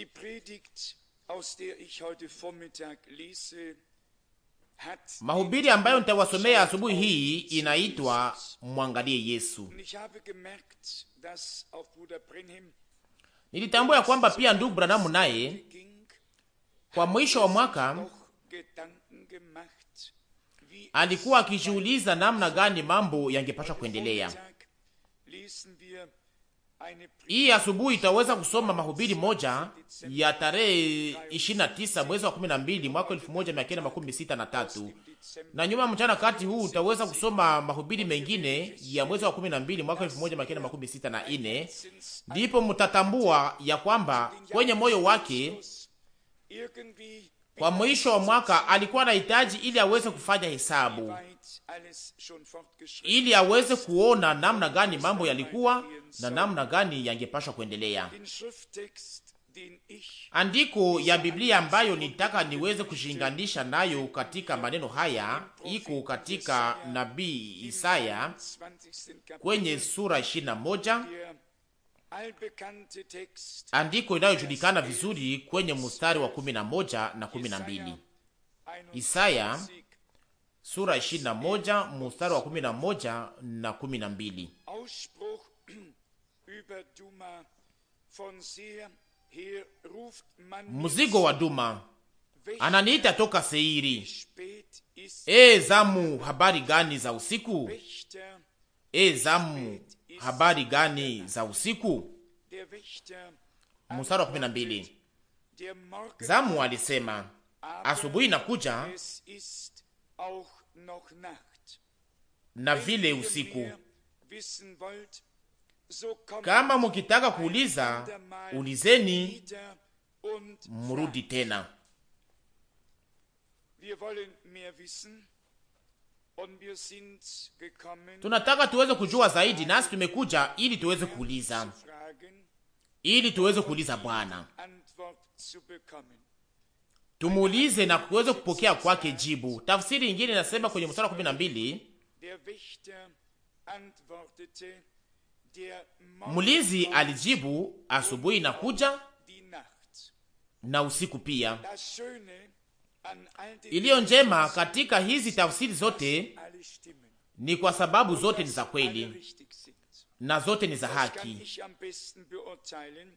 Die Predigt, aus der ich heute Vormittag lese, Mahubiri ambayo nitawasomea asubuhi hii inaitwa Mwangalie Yesu. Nilitambua ya kwamba pia ndugu Branamu naye kwa mwisho wa mwaka alikuwa akijiuliza namna gani mambo yangepaswa kuendelea. Hii asubuhi itaweza kusoma mahubiri moja ya tarehe 29 mwezi wa 12 mwaka 1963, na nyuma mchana kati huu utaweza kusoma mahubiri mengine ya mwezi wa 12 mwaka 1964. Ndipo mtatambua ya kwamba kwenye moyo wake kwa mwisho wa mwaka alikuwa anahitaji ili aweze kufanya hesabu, ili aweze kuona namna gani mambo yalikuwa na namna gani yangepashwa kuendelea. Andiko ya Biblia ambayo nitaka niweze kushinganisha nayo katika maneno haya iko katika nabii Isaya kwenye sura 21 andiko inayojulikana vizuri kwenye mstari wa 11 na 12. Isaya sura 21 mstari wa 11 na 12 mzigo wa Duma ananiita toka Seiri. E zamu, habari gani za usiku? E zamu, habari gani za usiku? Mstari wa 12 zamu alisema, asubuhi nakuja na vile usiku kama mukitaka kuuliza, ulizeni, murudi tena. Tunataka tuweze kujua zaidi, nasi tumekuja ili tuweze kuuliza, ili tuweze kuuliza Bwana, tumuulize na kuweze kupokea kwake jibu. Tafsiri ingine inasema kwenye mstari wa 12 Mlinzi alijibu, asubuhi na kuja na usiku pia. Iliyo njema katika hizi tafsiri zote ni kwa sababu zote ni za kweli na zote ni za haki.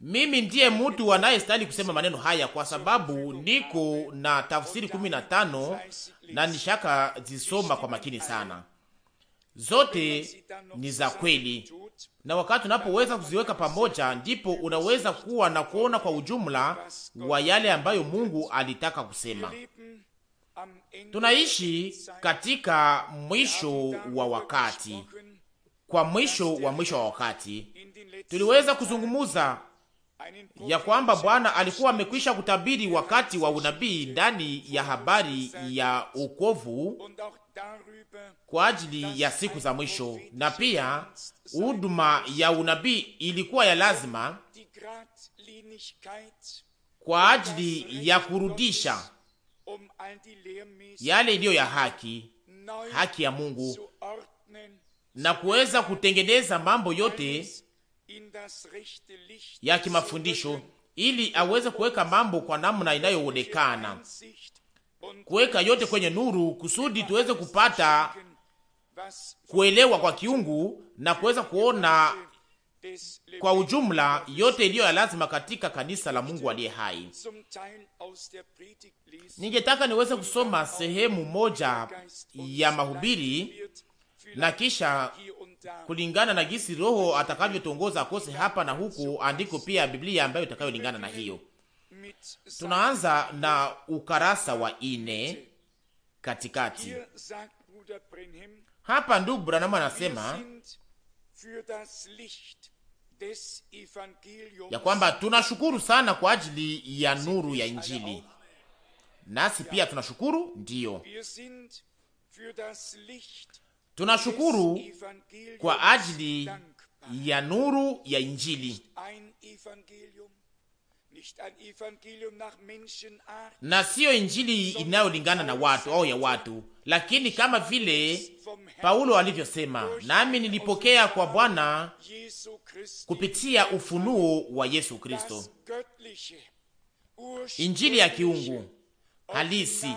Mimi ndiye mtu anayestahili kusema maneno haya, kwa sababu niko na tafsiri kumi na tano na nishaka zisoma kwa makini sana. Zote ni za kweli na wakati unapoweza kuziweka pamoja, ndipo unaweza kuwa na kuona kwa ujumla wa yale ambayo Mungu alitaka kusema. Tunaishi katika mwisho wa wakati, kwa mwisho wa mwisho wa wakati. Tuliweza kuzungumuza ya kwamba Bwana alikuwa amekwisha kutabiri wakati wa unabii ndani ya habari ya ukovu kwa ajili ya siku za mwisho, na pia huduma ya unabii ilikuwa ya lazima kwa ajili ya kurudisha yale iliyo ya haki, haki ya Mungu, na kuweza kutengeneza mambo yote ya kimafundisho ili aweze kuweka mambo kwa namna inayoonekana kuweka yote kwenye nuru, kusudi tuweze kupata kuelewa kwa kiungu na kuweza kuona kwa ujumla yote iliyo ya lazima katika kanisa la Mungu aliye hai. Ningetaka niweze kusoma sehemu moja ya mahubiri na kisha kulingana na gisi Roho atakavyotongoza akose hapa na huku, andiko pia ya Biblia ambayo itakayolingana na hiyo. Tunaanza na ukarasa wa ine katikati hapa. Ndugu Branham anasema ya kwamba tunashukuru sana kwa ajili ya nuru ya Injili, nasi pia tunashukuru, ndiyo tunashukuru kwa ajili ya nuru ya Injili na siyo injili inayolingana na watu au ya watu, lakini kama vile Paulo alivyosema, nami nilipokea kwa Bwana kupitia ufunuo wa Yesu Kristo, injili ya kiungu halisi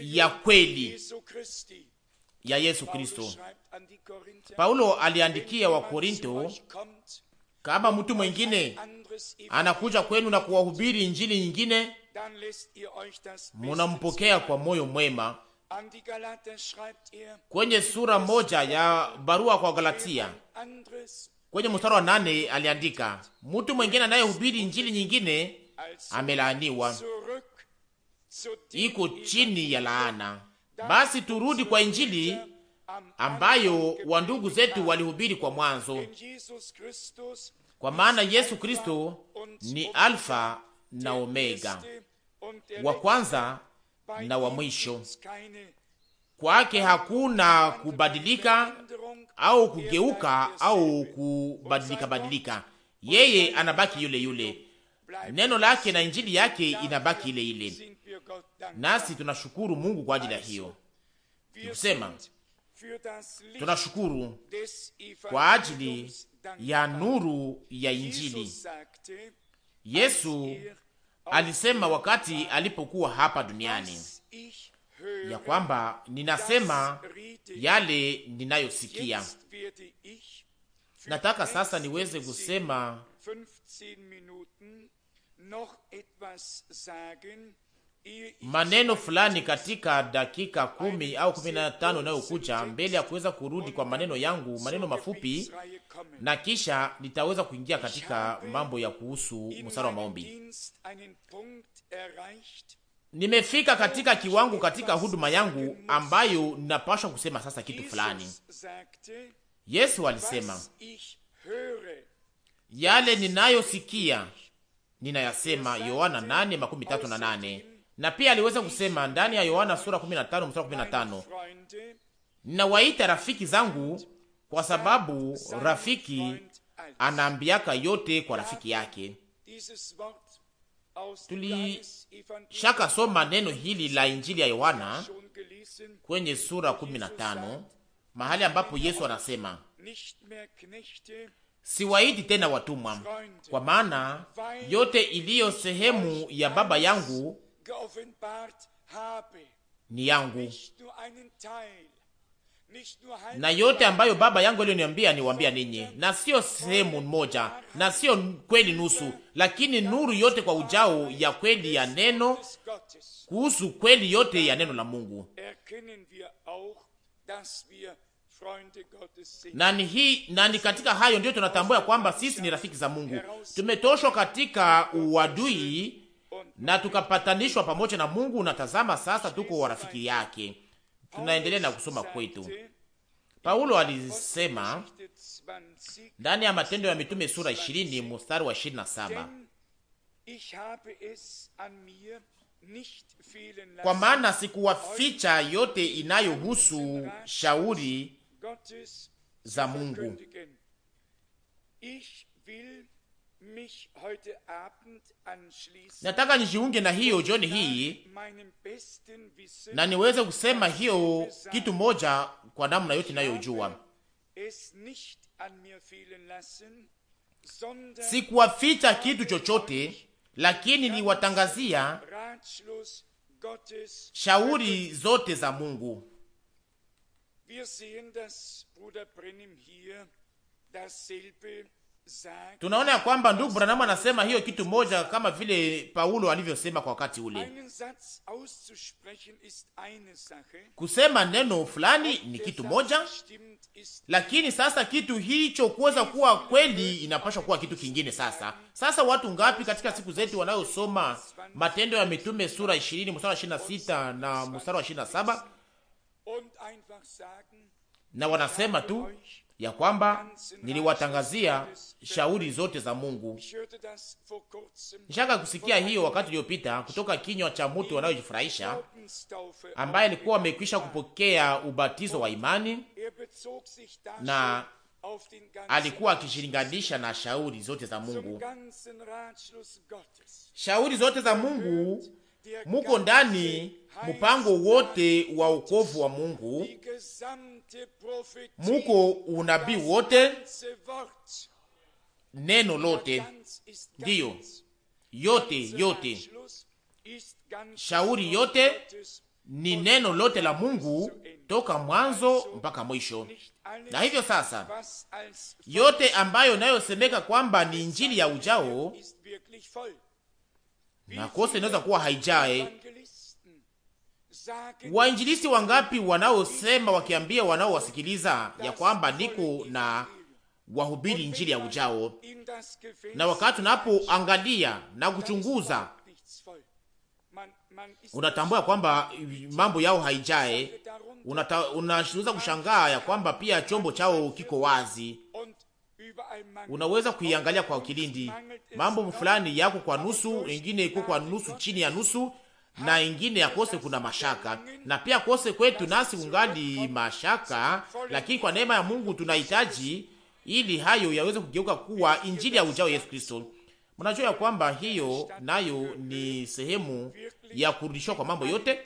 ya kweli ya Yesu Kristo. Paulo aliandikia wa Korinto kama mtu mwengine anakuja kwenu na kuwahubiri injili nyingine, munampokea kwa moyo mwema. Kwenye sura moja ya barua kwa Galatia kwenye mstari wa nane aliandika, mtu mwengine anayehubiri injili nyingine amelaaniwa, iko chini ya laana. Basi turudi kwa injili ambayo wandugu zetu walihubiri kwa mwanzo, kwa maana Yesu Kristo ni Alfa na Omega, wa kwanza na wa mwisho. Kwake hakuna kubadilika au kugeuka au kubadilika badilika, yeye anabaki yule yule, neno lake na injili yake inabaki ile ile, nasi tunashukuru Mungu kwa ajili ya hiyo kusema Tunashukuru kwa ajili ya nuru ya Injili. Yesu alisema wakati alipokuwa hapa duniani ya kwamba ninasema yale ninayosikia. Nataka sasa niweze kusema maneno fulani katika dakika kumi au kumi na tano inayokuja mbele ya kuweza kurudi kwa maneno yangu, maneno mafupi, na kisha nitaweza kuingia katika mambo ya kuhusu msara wa maombi. Nimefika katika kiwango katika huduma yangu ambayo ninapashwa kusema sasa kitu fulani. Yesu alisema, yale ninayosikia ninayasema, Yohana 8:38 na pia aliweza kusema ndani ya Yohana sura 15 mstari 15, ninawaita rafiki zangu kwa sababu rafiki anaambiaka yote kwa rafiki yake. Tulishaka soma neno hili la injili ya Yohana kwenye sura 15 mahali ambapo Yesu anasema siwaiti tena watumwa, kwa maana yote iliyo sehemu ya Baba yangu ni yangu, na yote ambayo Baba yangu aliyoniambia niwaambia ninyi, na sio sehemu moja, na sio kweli nusu, lakini nuru yote kwa ujao ya kweli ya neno, kuhusu kweli yote ya neno la Mungu. hii na ni katika hayo ndio tunatambua kwamba sisi ni rafiki za Mungu, tumetoshwa katika uadui na tukapatanishwa pamoja na Mungu. Unatazama sasa, tuko warafiki yake. Tunaendelea na kusoma kwetu. Paulo alisema ndani ya Matendo ya Mitume sura 20 mstari wa 27, kwa maana sikuwaficha yote inayohusu shauri za Mungu. Nataka nijiunge na hiyo jioni hii na niweze kusema hiyo kitu moja kwa namna yote inayojua. Sikuwaficha kitu chochote, lakini niwatangazia shauri zote za Mungu. Tunaona kwamba ndugu Branham anasema hiyo kitu moja kama vile Paulo alivyosema kwa wakati ule, kusema neno fulani ni kitu moja, lakini sasa kitu hicho kuweza kuwa kweli inapaswa kuwa kitu kingine. Sasa sasa, watu ngapi katika siku zetu wanayosoma Matendo ya Mitume sura 20 mstari wa 26 na mstari wa 27 na wanasema tu ya kwamba niliwatangazia shauri zote za Mungu. Nishaka kusikia hiyo wakati uliopita kutoka kinywa cha mtu anayejifurahisha ambaye alikuwa amekwisha kupokea ubatizo wa imani, na alikuwa akishilinganisha na shauri zote za Mungu. Shauri zote za Mungu muko ndani mupango wote wa ukovu wa Mungu, muko unabii wote, neno lote, ndiyo yote yote, shauri yote ni neno lote la Mungu toka mwanzo mpaka mwisho. Na hivyo sasa, yote ambayo nayosemeka kwamba ni injili ya ujao makosa inaweza kuwa haijae. Wainjilisti wangapi wanaosema wakiambia wanaowasikiliza ya kwamba niko na wahubiri injili ya ujao, na wakati unapoangalia na kuchunguza unatambua kwamba mambo yao haijae, unaweza kushangaa ya kwamba pia chombo chao kiko wazi unaweza kuiangalia kwa kilindi. Mambo fulani yako kwa nusu, ingine iko kwa nusu, chini ya nusu, na ingine yakose kuna mashaka, na pia kose kwetu nasi kungali mashaka, lakini kwa neema ya Mungu tunahitaji ili hayo yaweze kugeuka kuwa injili ya ujao Yesu Kristo. Mnajua ya kwamba hiyo nayo ni sehemu ya kurudishwa kwa mambo yote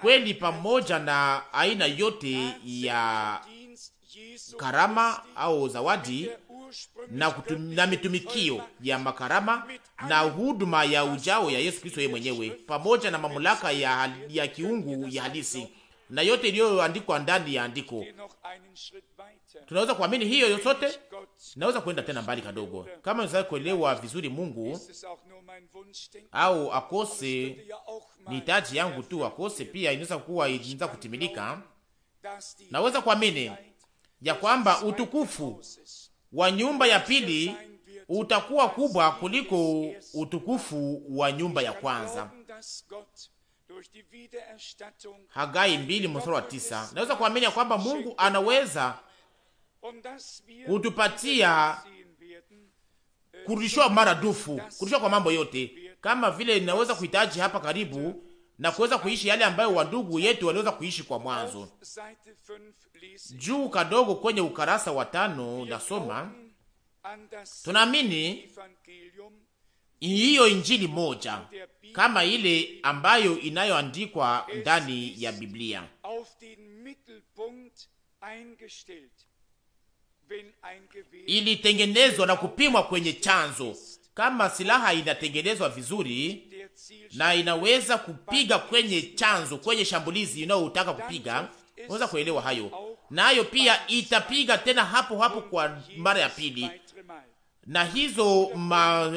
kweli, pamoja na aina yote ya karama au zawadi na, kutum, na mitumikio ya makarama na huduma ya ujao ya Yesu Kristo yeye mwenyewe pamoja na mamlaka ya, ya kiungu ya halisi na yote iliyoandikwa ndani ya andiko. Tunaweza kuamini hiyo yote, naweza kuenda tena mbali kidogo, kama unaweza kuelewa vizuri Mungu au akose. Ni hitaji yangu tu akose, pia inaweza kuwa inaweza kutimilika, naweza kuamini ya kwamba utukufu wa nyumba ya pili utakuwa kubwa kuliko utukufu wa nyumba ya kwanza. Hagai mbili mstari wa tisa. Naweza kuamini ya kwamba Mungu anaweza kutupatia kurudishwa maradufu, kurudishwa kwa mambo yote, kama vile ninaweza kuhitaji hapa karibu na kuweza kuishi yale ambayo wandugu yetu waliweza kuishi kwa mwanzo. Juu kadogo kwenye ukarasa wa tano nasoma, tunaamini hiyo injili moja kama ile ambayo inayoandikwa ndani ya Biblia ilitengenezwa na kupimwa kwenye chanzo. Kama silaha inatengenezwa vizuri na inaweza kupiga kwenye chanzo, kwenye shambulizi unayotaka kupiga. Unaweza kuelewa hayo, nayo pia itapiga tena hapo hapo kwa mara ya pili, na hizo ma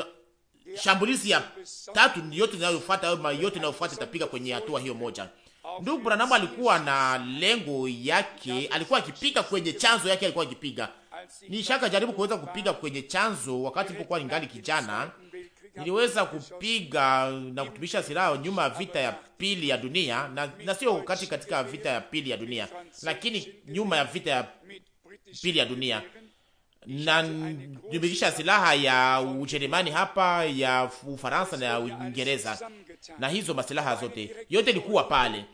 shambulizi ya tatu yote inayofuata au yote inayofuata itapiga kwenye hatua hiyo moja. Ndugu Branham alikuwa na lengo yake, alikuwa akipiga kwenye chanzo yake, alikuwa akipiga. Nishaka jaribu kuweza kupiga kwenye chanzo wakati nilipokuwa ningali kijana niliweza kupiga na kutumisha silaha nyuma vita ya pili ya dunia na, na sio wakati katika vita ya pili ya dunia, lakini nyuma ya vita ya pili ya dunia na nimekisha silaha ya Ujerumani hapa ya Ufaransa na ya Uingereza na hizo masilaha zote yote ilikuwa pale,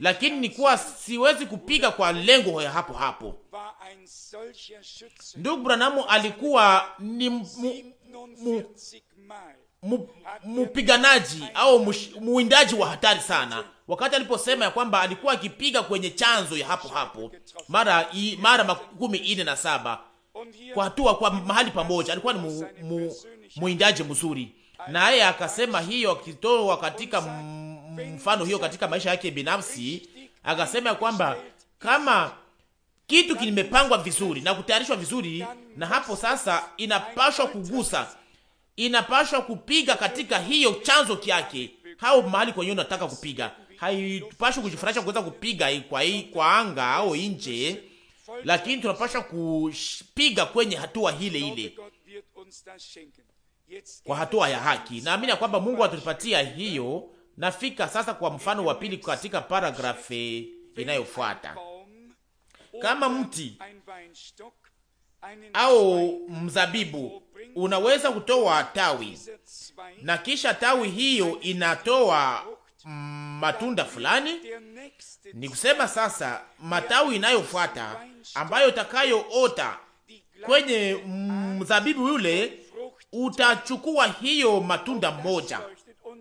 lakini nilikuwa siwezi kupiga kwa lengo ya hapo hapo. Ndugu Branamu alikuwa ni mu, mu, mpiganaji au muwindaji wa hatari sana, wakati aliposema ya kwamba alikuwa akipiga kwenye chanzo ya hapo hapo mara i, mara makumi ine na saba kwa hatua kwa mahali pamoja. Alikuwa ni mu, mu, mzuri, naye akasema hiyo akitoa katika mfano hiyo katika maisha yake binafsi, akasema ya kwamba kama kitu kimepangwa vizuri na kutayarishwa vizuri, na hapo sasa inapashwa kugusa inapashwa kupiga katika hiyo chanzo kyake, au mahali kwenye unataka kupiga. Haitupashwa kujifurahisha kuweza kupiga kwa, kwa anga au nje, lakini tunapashwa kupiga kwenye hatua hile ile kwa hatua ya haki. Naamini ya kwamba Mungu atatupatia hiyo. Nafika sasa kwa mfano wa pili katika paragrafe inayofuata. Kama mti au mzabibu unaweza kutoa tawi na kisha tawi hiyo inatoa mm, matunda fulani. Ni kusema sasa, matawi inayofuata ambayo utakayoota kwenye mzabibu mm, yule utachukua hiyo matunda moja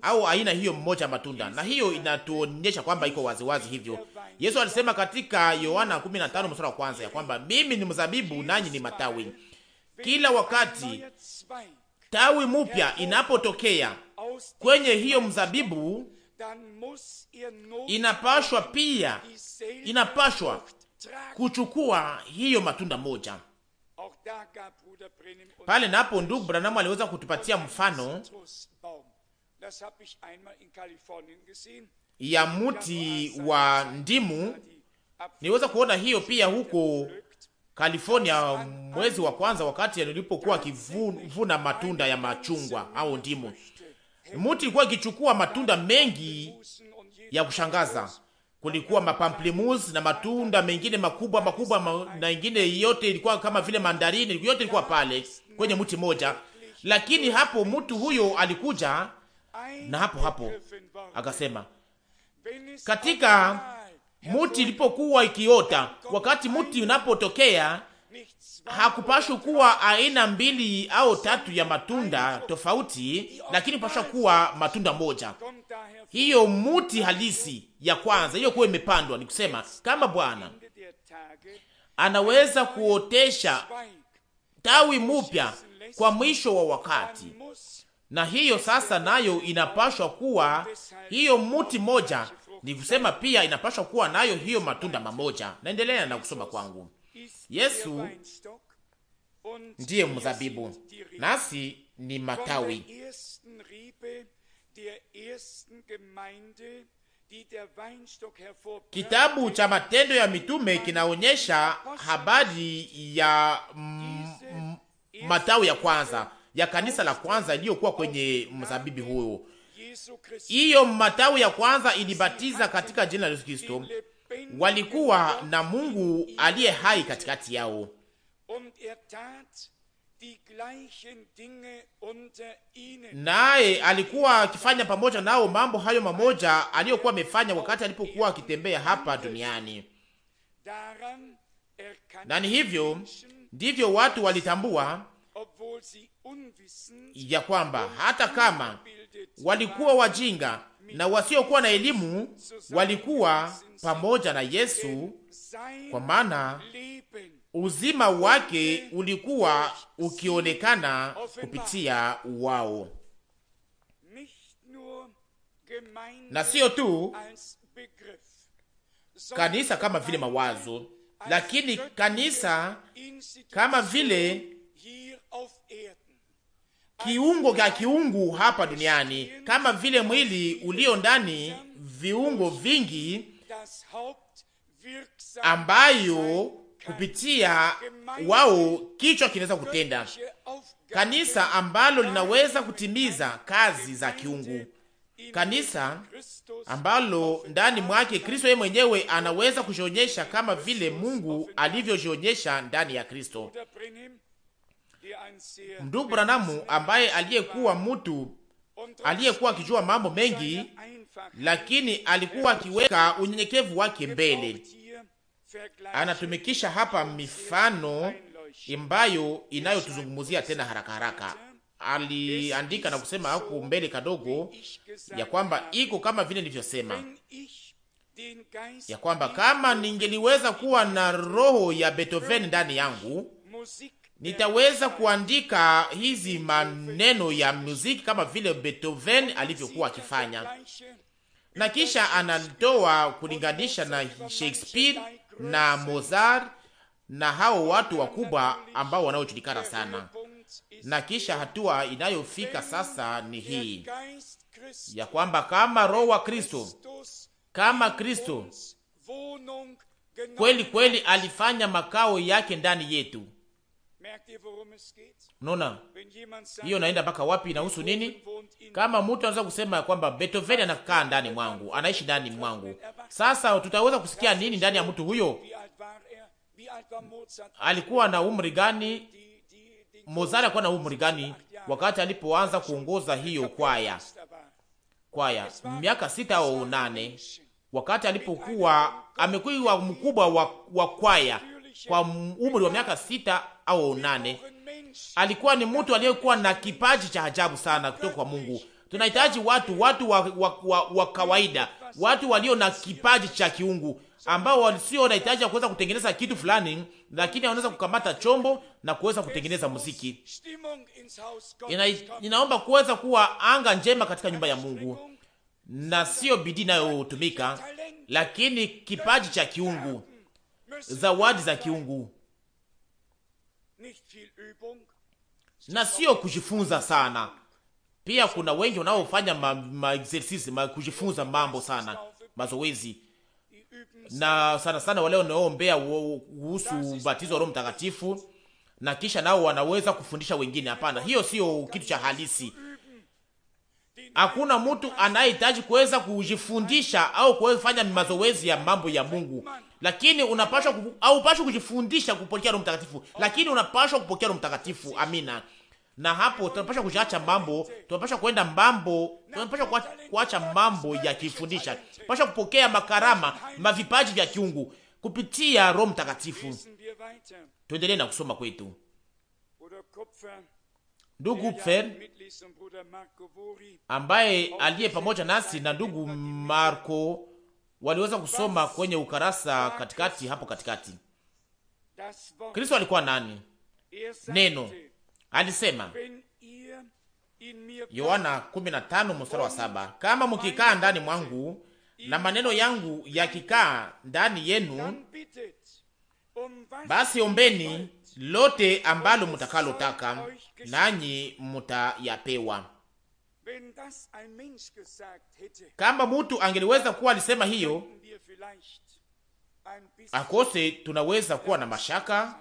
au aina hiyo mmoja matunda, na hiyo inatuonyesha kwamba iko waziwazi hivyo. Yesu alisema katika Yohana 15 mstari wa kwanza ya kwamba mimi ni mzabibu nanyi ni matawi kila wakati tawi mupya inapotokea kwenye hiyo mzabibu, inapashwa pia inapashwa kuchukua hiyo matunda moja. Pale napo ndugu Branamu aliweza kutupatia mfano ya muti wa ndimu. Niweza kuona hiyo pia huko California mwezi wa kwanza, wakati nilipokuwa akivuna matunda ya machungwa au ndimu, mti ilikuwa ikichukua matunda mengi ya kushangaza. Kulikuwa mapamplemus na matunda mengine makubwa makubwa ma, na ingine yote ilikuwa kama vile mandarini, yote ilikuwa pale kwenye mti moja. Lakini hapo mtu huyo alikuja na hapo hapo akasema katika muti ilipokuwa ikiota, wakati muti unapotokea hakupashwa kuwa aina mbili au tatu ya matunda tofauti, lakini pasha kuwa matunda moja, hiyo muti halisi ya kwanza hiyo kuwa imepandwa. Ni kusema kama Bwana anaweza kuotesha tawi mupya kwa mwisho wa wakati, na hiyo sasa nayo inapashwa kuwa hiyo muti moja ni kusema pia inapaswa kuwa nayo hiyo matunda mamoja. Naendelea na kusoma kwangu. Yesu ndiye mzabibu nasi ni matawi. Kitabu cha Matendo ya Mitume kinaonyesha habari ya matawi ya kwanza ya kanisa la kwanza iliyokuwa kwenye mzabibi huyo hiyo matawi ya kwanza ilibatiza katika jina la Yesu Kristo, walikuwa na Mungu aliye hai katikati yao, naye alikuwa akifanya pamoja nao mambo hayo mamoja aliyokuwa amefanya wakati alipokuwa akitembea hapa duniani. Na ni hivyo ndivyo watu walitambua ya kwamba hata kama walikuwa wajinga na wasiokuwa na elimu walikuwa pamoja na Yesu, kwa maana uzima wake ulikuwa ukionekana kupitia wao, na sio tu kanisa kama vile mawazo, lakini kanisa kama vile kiungo cha kiungu hapa duniani, kama vile mwili ulio ndani viungo vingi ambayo kupitia wao kichwa kinaweza kutenda kanisa ambalo linaweza kutimiza kazi za kiungu, kanisa ambalo ndani mwake Kristo yeye mwenyewe anaweza kujionyesha kama vile Mungu alivyojionyesha ndani ya Kristo. Ndugu Branamu ambaye aliyekuwa mtu aliyekuwa akijua mambo mengi, lakini alikuwa akiweka unyenyekevu wake mbele. Anatumikisha hapa mifano ambayo inayotuzungumzia tena haraka haraka. Aliandika na kusema huko mbele kadogo ya kwamba iko kama vile nilivyosema ya kwamba kama ningeliweza kuwa na roho ya Beethoven ndani yangu nitaweza kuandika hizi maneno ya muziki kama vile Beethoven alivyokuwa akifanya, na kisha anatoa kulinganisha na Shakespeare na Mozart na hao watu wakubwa ambao wanaojulikana sana. Na kisha hatua inayofika sasa ni hii ya kwamba kama Roho wa Kristo, kama Kristo kweli kweli alifanya makao yake ndani yetu Unaona hiyo naenda mpaka wapi? Inahusu nini? Kama mtu anaweza kusema ya kwamba Beethoven anakaa ndani mwangu, anaishi ndani mwangu, sasa tutaweza kusikia nini ndani ya mtu huyo? Eh, alikuwa na umri gani? Mozart alikuwa na umri gani wakati alipoanza kuongoza hiyo kwaya? Kwaya miaka sita au nane, wakati alipokuwa amekuwa mkubwa wa, wa kwaya kwa umri wa miaka sita au nane. Alikuwa ni mtu aliyekuwa na kipaji cha ajabu sana kutoka kwa Mungu. Tunahitaji watu watu wa, wa, wa, wa kawaida, watu walio na kipaji cha kiungu ambao sio wanahitaji ya kuweza kutengeneza kitu fulani, lakini wanaweza kukamata chombo na kuweza kutengeneza muziki. Ina, inaomba kuweza kuwa anga njema katika nyumba ya Mungu na sio bidii nayotumika, lakini kipaji cha kiungu, zawadi za kiungu na sio kujifunza sana. Pia kuna wengi wanaofanya ma, ma exercise ma kujifunza mambo sana, mazoezi na sana sana wale wanaoombea kuhusu ubatizo wa Roho Mtakatifu na kisha nao wanaweza kufundisha wengine. Hapana, hiyo sio kitu cha halisi. Hakuna mtu anayehitaji kuweza kujifundisha au kuweza kufanya mazoezi ya mambo ya Mungu lakini unapashwa au haupashwi kujifundisha kupokea Roho Mtakatifu, lakini unapashwa kupokea Roho Mtakatifu. Amina. Na hapo tunapashwa kuacha mambo, tunapashwa kwenda mambo, tunapashwa kuacha mambo ya kifundisha, pashwa kupokea makarama, mavipaji vya kiungu kupitia Roho Mtakatifu. Tuendelee na kusoma kwetu. Ndugu Pfer ambaye aliye pamoja nasi na ndugu Marco waliweza kusoma kwenye ukarasa katikati hapo katikati. Kristo alikuwa nani? Neno alisema Yohana 15 mstari wa saba, kama mkikaa ndani mwangu na maneno yangu yakikaa ndani yenu, basi ombeni lote ambalo mtakalotaka nanyi mutayapewa. Kama mtu angeliweza kuwa alisema hiyo akose, tunaweza kuwa na mashaka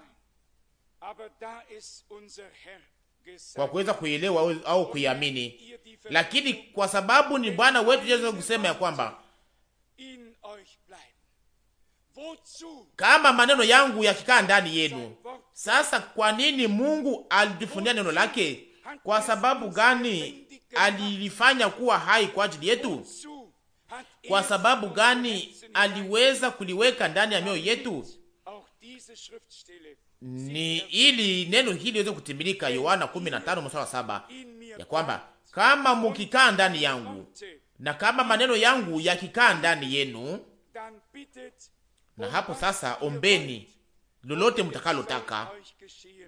kwa kuweza kuielewa au kuiamini, lakini kwa sababu ni Bwana wetu Yesu kusema ya kwamba kama maneno yangu yakikaa ndani yenu. Sasa kwa nini Mungu alitufunia neno lake? Kwa er sababu gani alilifanya kuwa hai kwa ajili yetu? Kwa sababu gani aliweza kuliweka ndani ya mioyo yetu? Ni ili neno hili liweze kutimilika, Yohana 15:7, ya kwamba kama mukikaa ndani yangu na kama maneno yangu yakikaa ndani yenu, na hapo sasa ombeni lolote mtakalotaka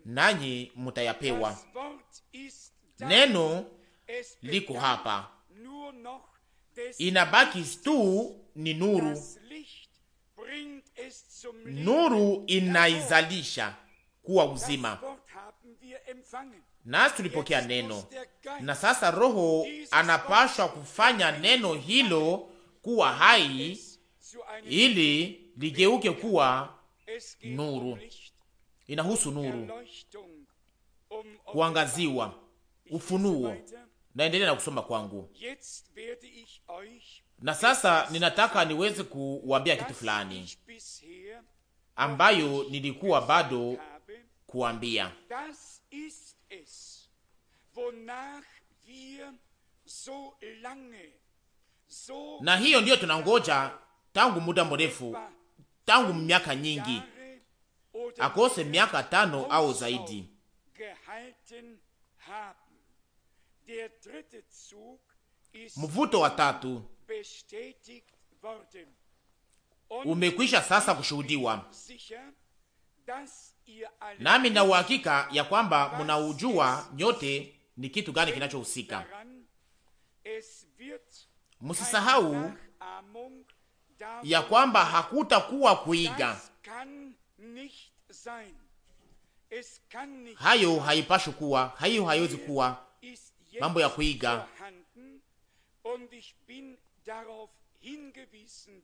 nanyi mutayapewa. Neno liko hapa, inabaki tu ni nuru. Nuru inaizalisha kuwa uzima, nasi tulipokea neno, na sasa Roho anapashwa kufanya neno hilo kuwa hai ili ligeuke kuwa um nuru. Inahusu nuru, um kuangaziwa, ufunuo naendelea na kusoma kwangu. Na sasa ninataka niweze kuwambia kitu fulani ambayo nilikuwa bado kuambia. Na hiyo ndiyo tunangoja tangu muda mrefu, tangu miaka nyingi, akose miaka tano au zaidi Mvuto wa tatu umekwisha sasa kushuhudiwa, nami na uhakika ya kwamba munaujua nyote ni kitu gani kinachohusika. Msisahau ya kwamba hakutakuwa kuiga hayo, haipashi kuwa hayo, haiwezi kuwa mambo ya kuiga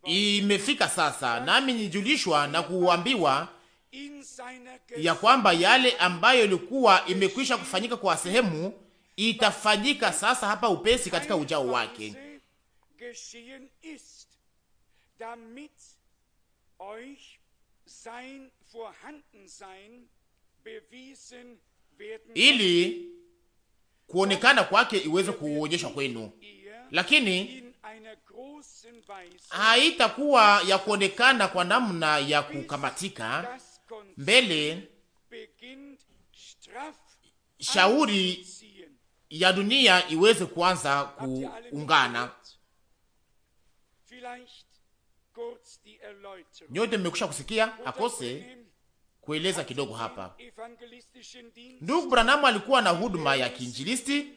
imefika sasa, nami nijulishwa na kuambiwa ya kwamba yale ambayo ilikuwa imekwisha kufanyika kwa sehemu itafanyika sasa hapa upesi katika ujao wake, ili kuonekana kwake iweze kuonyeshwa kwenu, lakini haitakuwa ya kuonekana kwa namna ya kukamatika mbele shauri ya dunia iweze kuanza kuungana. Nyote mmekusha kusikia akose kueleza kidogo hapa. Ndugu Branamu alikuwa na huduma ya kiinjilisti,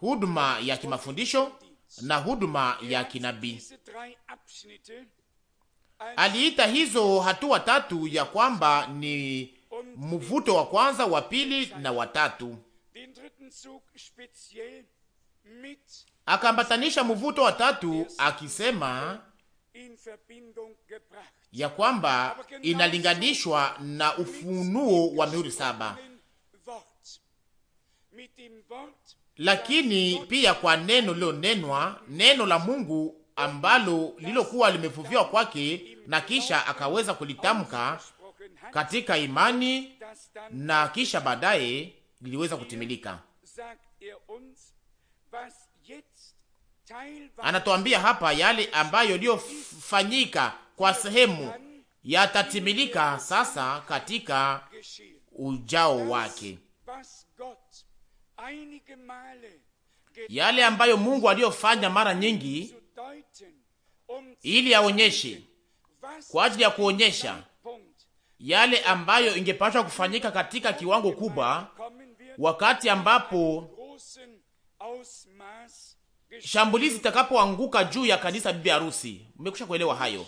huduma ya kimafundisho na huduma ya kinabii. Aliita hizo hatua tatu ya kwamba ni mvuto wa kwanza, wa pili na wa tatu. Akaambatanisha mvuto wa tatu akisema ya kwamba inalinganishwa na ufunuo wa mihuri saba, lakini pia kwa neno lilonenwa, neno la Mungu ambalo lilokuwa limefuviwa kwake, na kisha akaweza kulitamka katika imani, na kisha baadaye liliweza kutimilika. Anatuambia hapa yale ambayo iliyofanyika kwa sehemu yatatimilika sasa katika ujao wake. Yale ambayo Mungu aliyofanya mara nyingi ili aonyeshe, kwa ajili ya kuonyesha yale ambayo ingepashwa kufanyika katika kiwango kubwa, wakati ambapo shambulizi itakapoanguka juu ya kanisa bibi harusi. Umekusha kuelewa hayo?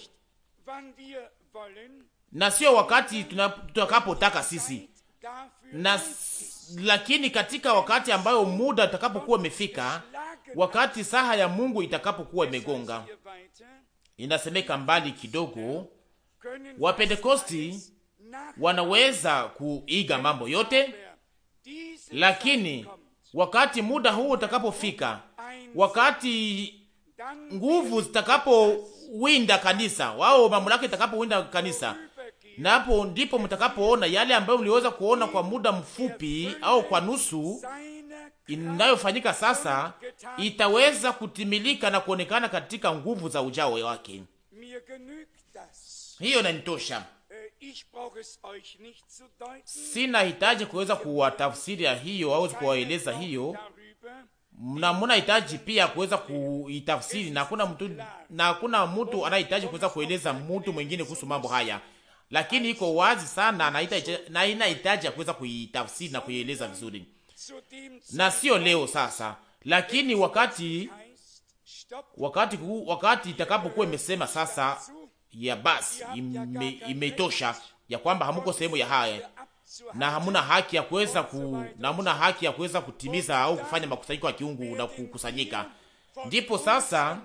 na sio wakati tutakapotaka sisi na, lakini katika wakati ambayo muda utakapokuwa umefika, wakati saha ya Mungu itakapokuwa imegonga. Inasemeka mbali kidogo, Wapentekosti wanaweza kuiga mambo yote, lakini wakati muda huu utakapofika, wakati nguvu zitakapo kuwinda kanisa wao, mamlaka itakapowinda kanisa, na hapo ndipo mtakapoona yale ambayo mliweza kuona kwa muda mfupi au kwa nusu inayofanyika sasa, itaweza kutimilika na kuonekana katika nguvu za ujao wake. Hiyo nanitosha, sina hitaji kuweza kuwatafsiria hiyo au kuwaeleza hiyo na munahitaji pia kuweza kuitafsiri, na hakuna mtu na hakuna mtu anahitaji kuweza kueleza mtu mwingine kuhusu mambo haya, lakini iko wazi sana na itaje, na kuweza kuitafsiri na kuieleza vizuri, na sio leo sasa, lakini wakati wakati wakati itakapokuwa imesema sasa ya basi imetosha ime ya kwamba hamuko sehemu ya haya na hamuna haki ya kuweza ku, na hamuna haki ya kuweza kutimiza au kufanya makusanyiko ya kiungu na kukusanyika. Ndipo sasa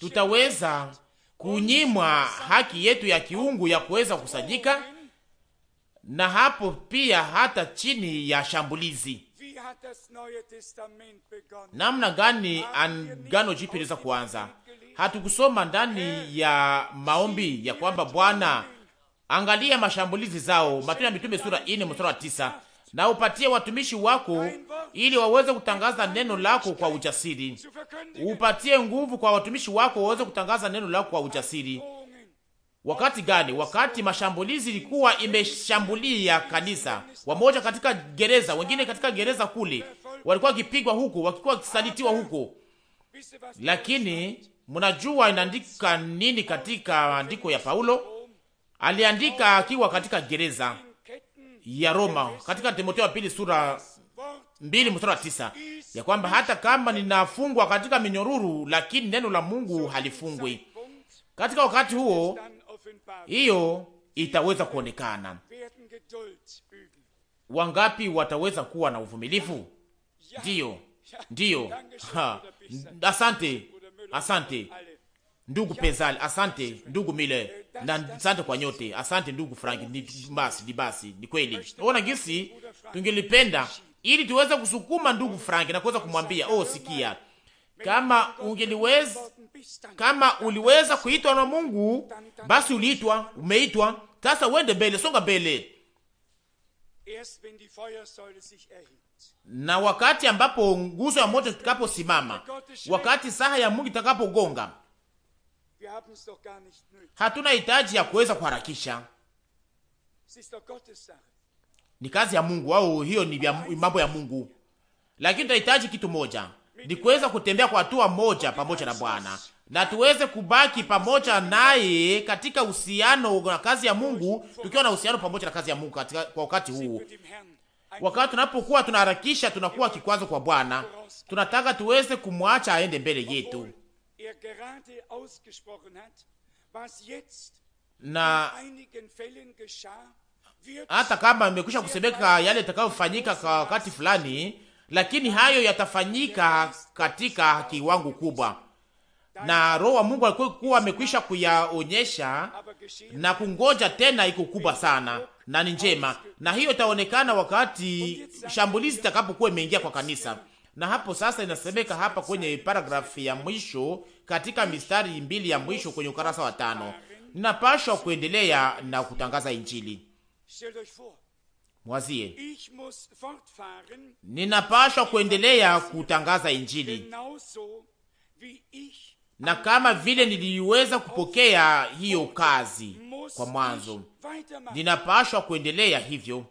tutaweza kunyimwa haki yetu ya kiungu ya kuweza kusanyika, na hapo pia hata chini ya shambulizi. Namna gani Agano Jipya kuanza? Hatukusoma ndani ya maombi ya kwamba Bwana Angalia mashambulizi zao, Matendo ya Mitume sura ine mstari wa tisa. Na upatie watumishi wako ili waweze kutangaza neno lako kwa ujasiri. Upatie nguvu kwa watumishi wako waweze kutangaza neno lako kwa ujasiri. Wakati gani? Wakati mashambulizi ilikuwa imeshambulia kanisa, wamoja katika gereza, wengine katika gereza kule, walikuwa wakipigwa huko, wakikuwa wakisalitiwa huko. Lakini mnajua inaandika nini katika maandiko ya Paulo? aliandika akiwa katika gereza ya Roma, katika Timotheo wa pili sura mbili mstari wa tisa ya kwamba hata kama ninafungwa katika minyororo, lakini neno la Mungu halifungwi. Katika wakati huo hiyo itaweza kuonekana. Wangapi wataweza kuwa na uvumilivu? Ndiyo, ndiyo. Asante, asante ndugu Pezali, asante ndugu Mile, na asante kwa nyote, asante ndugu Frank. Ni basi ni basi, ni kweli. Ona gisi tungelipenda ili tuweze kusukuma ndugu Frank na kuweza kumwambia oh, sikia, kama ungeliweza, kama uliweza kuitwa na Mungu, basi uliitwa, umeitwa. Sasa uende mbele, songa mbele, na wakati ambapo nguzo ya moto itakaposimama, wakati saha ya Mungu itakapogonga Hatuna hitaji ya kuweza kuharakisha, ni kazi ya Mungu au hiyo ni mambo ya Mungu, lakini tunahitaji kitu moja, ni kuweza kutembea kwa hatua moja pamoja na Bwana na tuweze kubaki pamoja naye katika uhusiano na kazi ya Mungu, tukiwa na uhusiano pamoja na kazi ya Mungu katika, kwa wakati huu. Wakati tunapokuwa tunaharakisha, tunakuwa kikwazo kwa Bwana. Tunataka tuweze kumwacha aende mbele yetu, Er na hata kama imekwisha kusemeka yale itakayofanyika kwa wakati fulani, lakini hayo yatafanyika katika kiwango kubwa, na Roho wa Mungu alikuwa amekwisha kuyaonyesha na kungoja tena iko kubwa sana na ni njema, na hiyo itaonekana wakati shambulizi er, itakapokuwa imeingia kwa kanisa. Na hapo sasa inasemeka hapa kwenye paragrafu ya mwisho katika mistari mbili ya mwisho kwenye ukarasa wa tano, ninapashwa kuendelea na kutangaza Injili. Mwazie, ninapashwa kuendelea kutangaza Injili, na kama vile niliweza kupokea hiyo kazi kwa mwanzo, ninapashwa kuendelea hivyo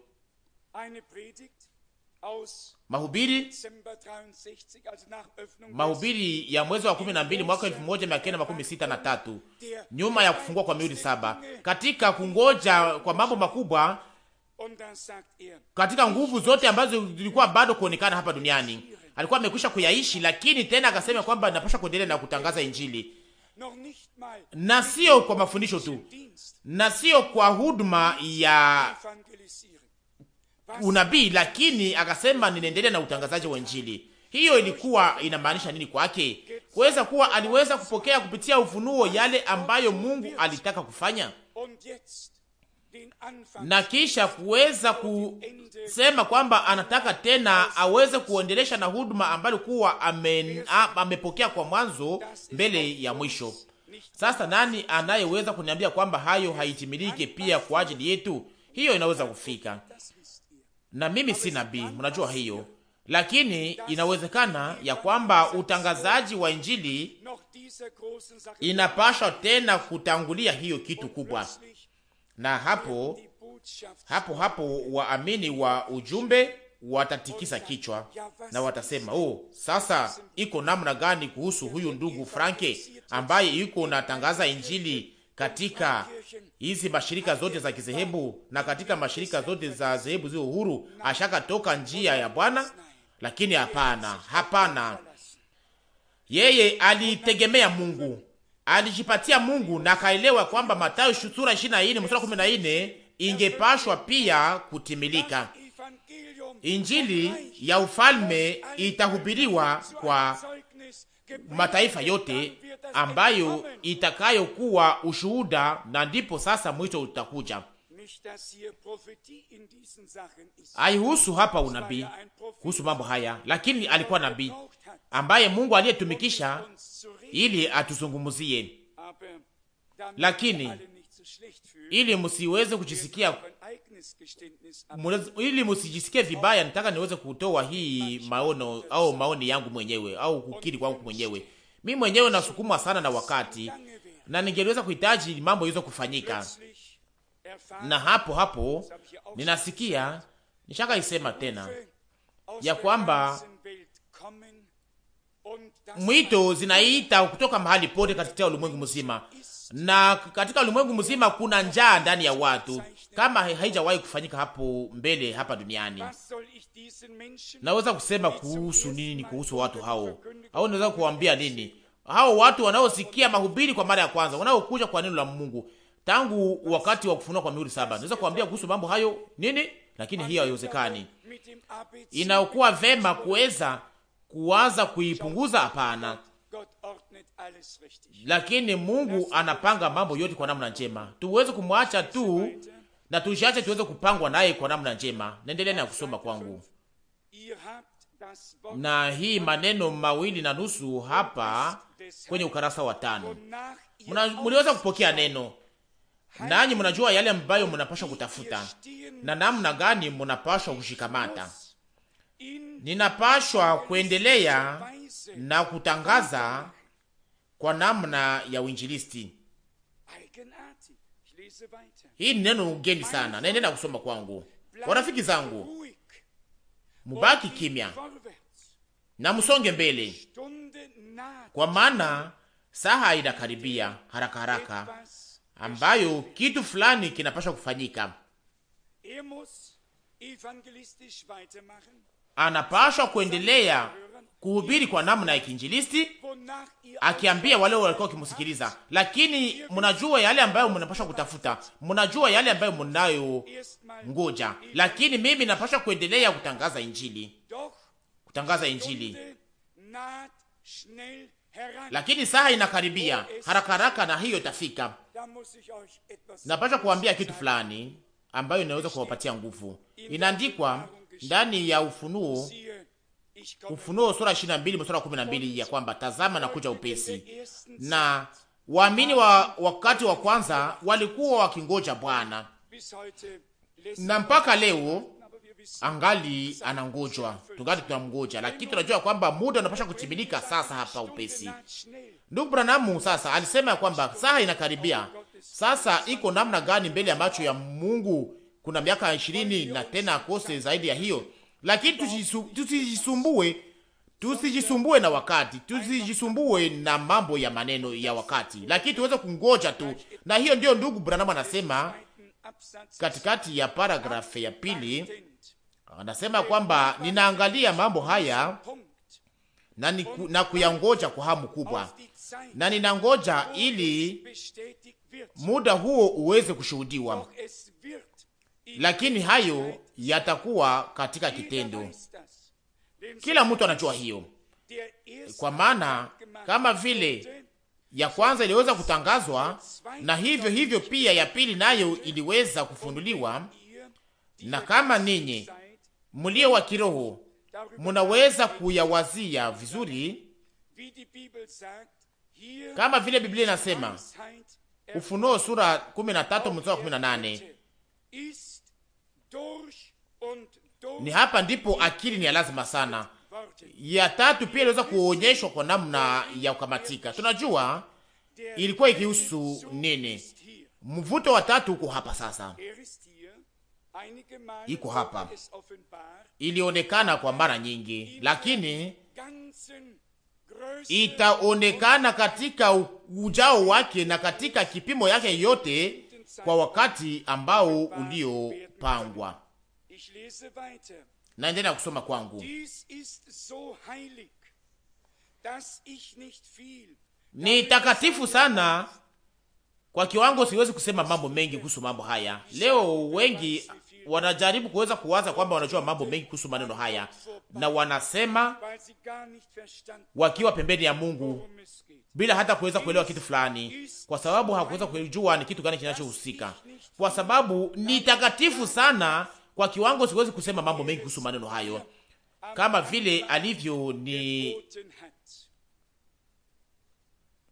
Mahubiri, mahubiri ya mwezi wa kumi na mbili mwaka elfu moja mia kenda makumi sita na tatu nyuma ya kufungua kwa miuri saba, katika kungoja kwa mambo makubwa, er, katika nguvu zote ambazo zilikuwa bado kuonekana hapa duniani, alikuwa amekwisha kuyaishi, lakini tena akasema kwamba napasha kuendelea na kutangaza Injili, na sio kwa mafundisho tu, na sio kwa huduma ya unabii, lakini akasema ninaendelea na utangazaji wa Injili. Hiyo ilikuwa inamaanisha nini kwake? Kuweza kuwa aliweza kupokea kupitia ufunuo yale ambayo Mungu alitaka kufanya na kisha kuweza kusema kwamba anataka tena aweze kuendelesha na huduma ambayo kuwa ame, amepokea kwa mwanzo mbele ya mwisho. Sasa nani anayeweza kuniambia kwamba hayo haitimiliki pia kwa ajili yetu? Hiyo inaweza kufika na mimi si nabii, mnajua hiyo, lakini inawezekana ya kwamba utangazaji wa injili inapasha tena kutangulia hiyo kitu kubwa, na hapo hapo hapo waamini wa ujumbe watatikisa kichwa na watasema oh, sasa iko namna gani kuhusu huyu ndugu Franke ambaye yuko natangaza injili katika hizi mashirika zote za kizehebu na katika mashirika zote za zehebu zio uhuru ashaka toka njia ya Bwana. Lakini hapana, hapana, yeye alitegemea Mungu, alijipatia Mungu na akaelewa kwamba Mathayo sura 24 mstari 14 ingepashwa pia kutimilika. Injili ya ufalme itahubiriwa kwa mataifa yote ambayo itakayokuwa ushuhuda, na ndipo sasa mwisho utakuja. Haihusu hapa unabii kuhusu mambo haya, lakini alikuwa nabii ambaye Mungu aliyetumikisha ili atuzungumuzie, lakini ili msiweze kujisikia ili musijisikie vibaya, nataka niweze kutoa hii maono au maoni yangu mwenyewe au kukiri kwangu mwenyewe. Mi mwenyewe nasukumwa sana na wakati, na ningeliweza kuhitaji mambo hizo kufanyika, na hapo hapo ninasikia nishaka isema tena ya kwamba mwito zinaita kutoka mahali pote katika ulimwengu mzima, na katika ulimwengu mzima kuna njaa ndani ya watu kama haijawahi kufanyika hapo mbele hapa duniani. Naweza kusema kuhusu nini Ni kuhusu watu hao? Au naweza kuwambia nini hao watu wanaosikia mahubiri kwa mara ya kwanza, wanaokuja kwa neno la Mungu tangu wakati wa kufunua kwa mihuri saba? Naweza kuambia kuhusu mambo hayo nini, lakini hiyo haiwezekani. Inakuwa vema kuweza kuanza kuipunguza? Hapana, lakini Mungu anapanga mambo yote kwa namna njema, tuweze kumwacha tu na tujiache tuweze kupangwa naye kwa namna njema. Naendelea na kusoma kwangu, na hii maneno mawili na nusu hapa kwenye ukarasa wa tano mliweza kupokea neno, nanyi mnajua yale ambayo mnapasha kutafuta na namna gani mnapashwa kushikamata. Ninapashwa kuendelea na kutangaza kwa namna ya uinjilisti. Hii ni neno ngeni sana, na inaenda kusoma kwangu. Warafiki zangu, mubaki kimya na msonge mbele, kwa maana saha inakaribia haraka haraka, ambayo kitu fulani kinapaswa kufanyika. Anapashwa kuendelea kuhubiri kwa namna ya kiinjilisti, akiambia wale walikuwa wakimsikiliza. Lakini mnajua yale ambayo mnapaswa kutafuta, mnajua yale ambayo mnayo ngoja, lakini mimi napaswa kuendelea kutangaza injili, kutangaza injili. Lakini saa inakaribia haraka haraka, na hiyo itafika. Napaswa kuambia kitu fulani ambayo inaweza kuwapatia nguvu. Inaandikwa ndani ya Ufunuo Ufunuo sura 22 mstari wa 12 ya kwamba tazama na kuja upesi. Na waamini wa wakati wa kwanza walikuwa wakingoja Bwana na mpaka leo angali anangojwa, tungali tunamngoja, lakini tunajua kwamba muda unapasha kutimilika sasa hapa upesi. Ndugu Branamu sasa alisema ya kwamba saa inakaribia sasa. Iko namna gani mbele ya macho ya Mungu? Kuna miaka ishirini na tena akose zaidi ya hiyo lakini tusijisumbue, tusijisumbue na wakati, tusijisumbue na mambo ya maneno ya wakati, lakini tuweze kungoja tu. Na hiyo ndiyo ndugu Branham anasema katikati ya paragrafu ya pili, anasema kwamba ninaangalia mambo haya na, ni, na kuyangoja kwa hamu kubwa, na ninangoja ili muda huo uweze kushuhudiwa, lakini hayo yatakuwa katika kitendo. Kila mtu anajua hiyo, kwa maana kama vile ya kwanza iliweza kutangazwa, na hivyo hivyo pia ya pili nayo iliweza kufunuliwa. Na kama ninyi mlio wa kiroho munaweza kuyawazia vizuri, kama vile Biblia inasema Ufunuo sura 13 mstari wa 18 ni hapa ndipo akili ni ya lazima sana. Ya tatu pia iliweza kuonyeshwa kwa namna ya kukamatika. Tunajua ilikuwa ikihusu nini. Mvuto wa tatu uko hapa sasa, iko hapa, ilionekana kwa mara nyingi, lakini itaonekana katika ujao wake na katika kipimo yake yote kwa wakati ambao uliopangwa. Naendelea kusoma kwangu. Ni takatifu sana kwa kiwango, siwezi kusema mambo mengi kuhusu mambo haya leo. Wengi wanajaribu kuweza kuwaza kwamba wanajua mambo mengi kuhusu maneno haya, na wanasema wakiwa pembeni ya Mungu bila hata kuweza kuelewa kitu fulani, kwa sababu hakuweza kujua ni kitu gani kinachohusika, kwa sababu ni takatifu sana kwa kiwango siwezi kusema mambo mengi kuhusu maneno hayo, kama vile alivyo ni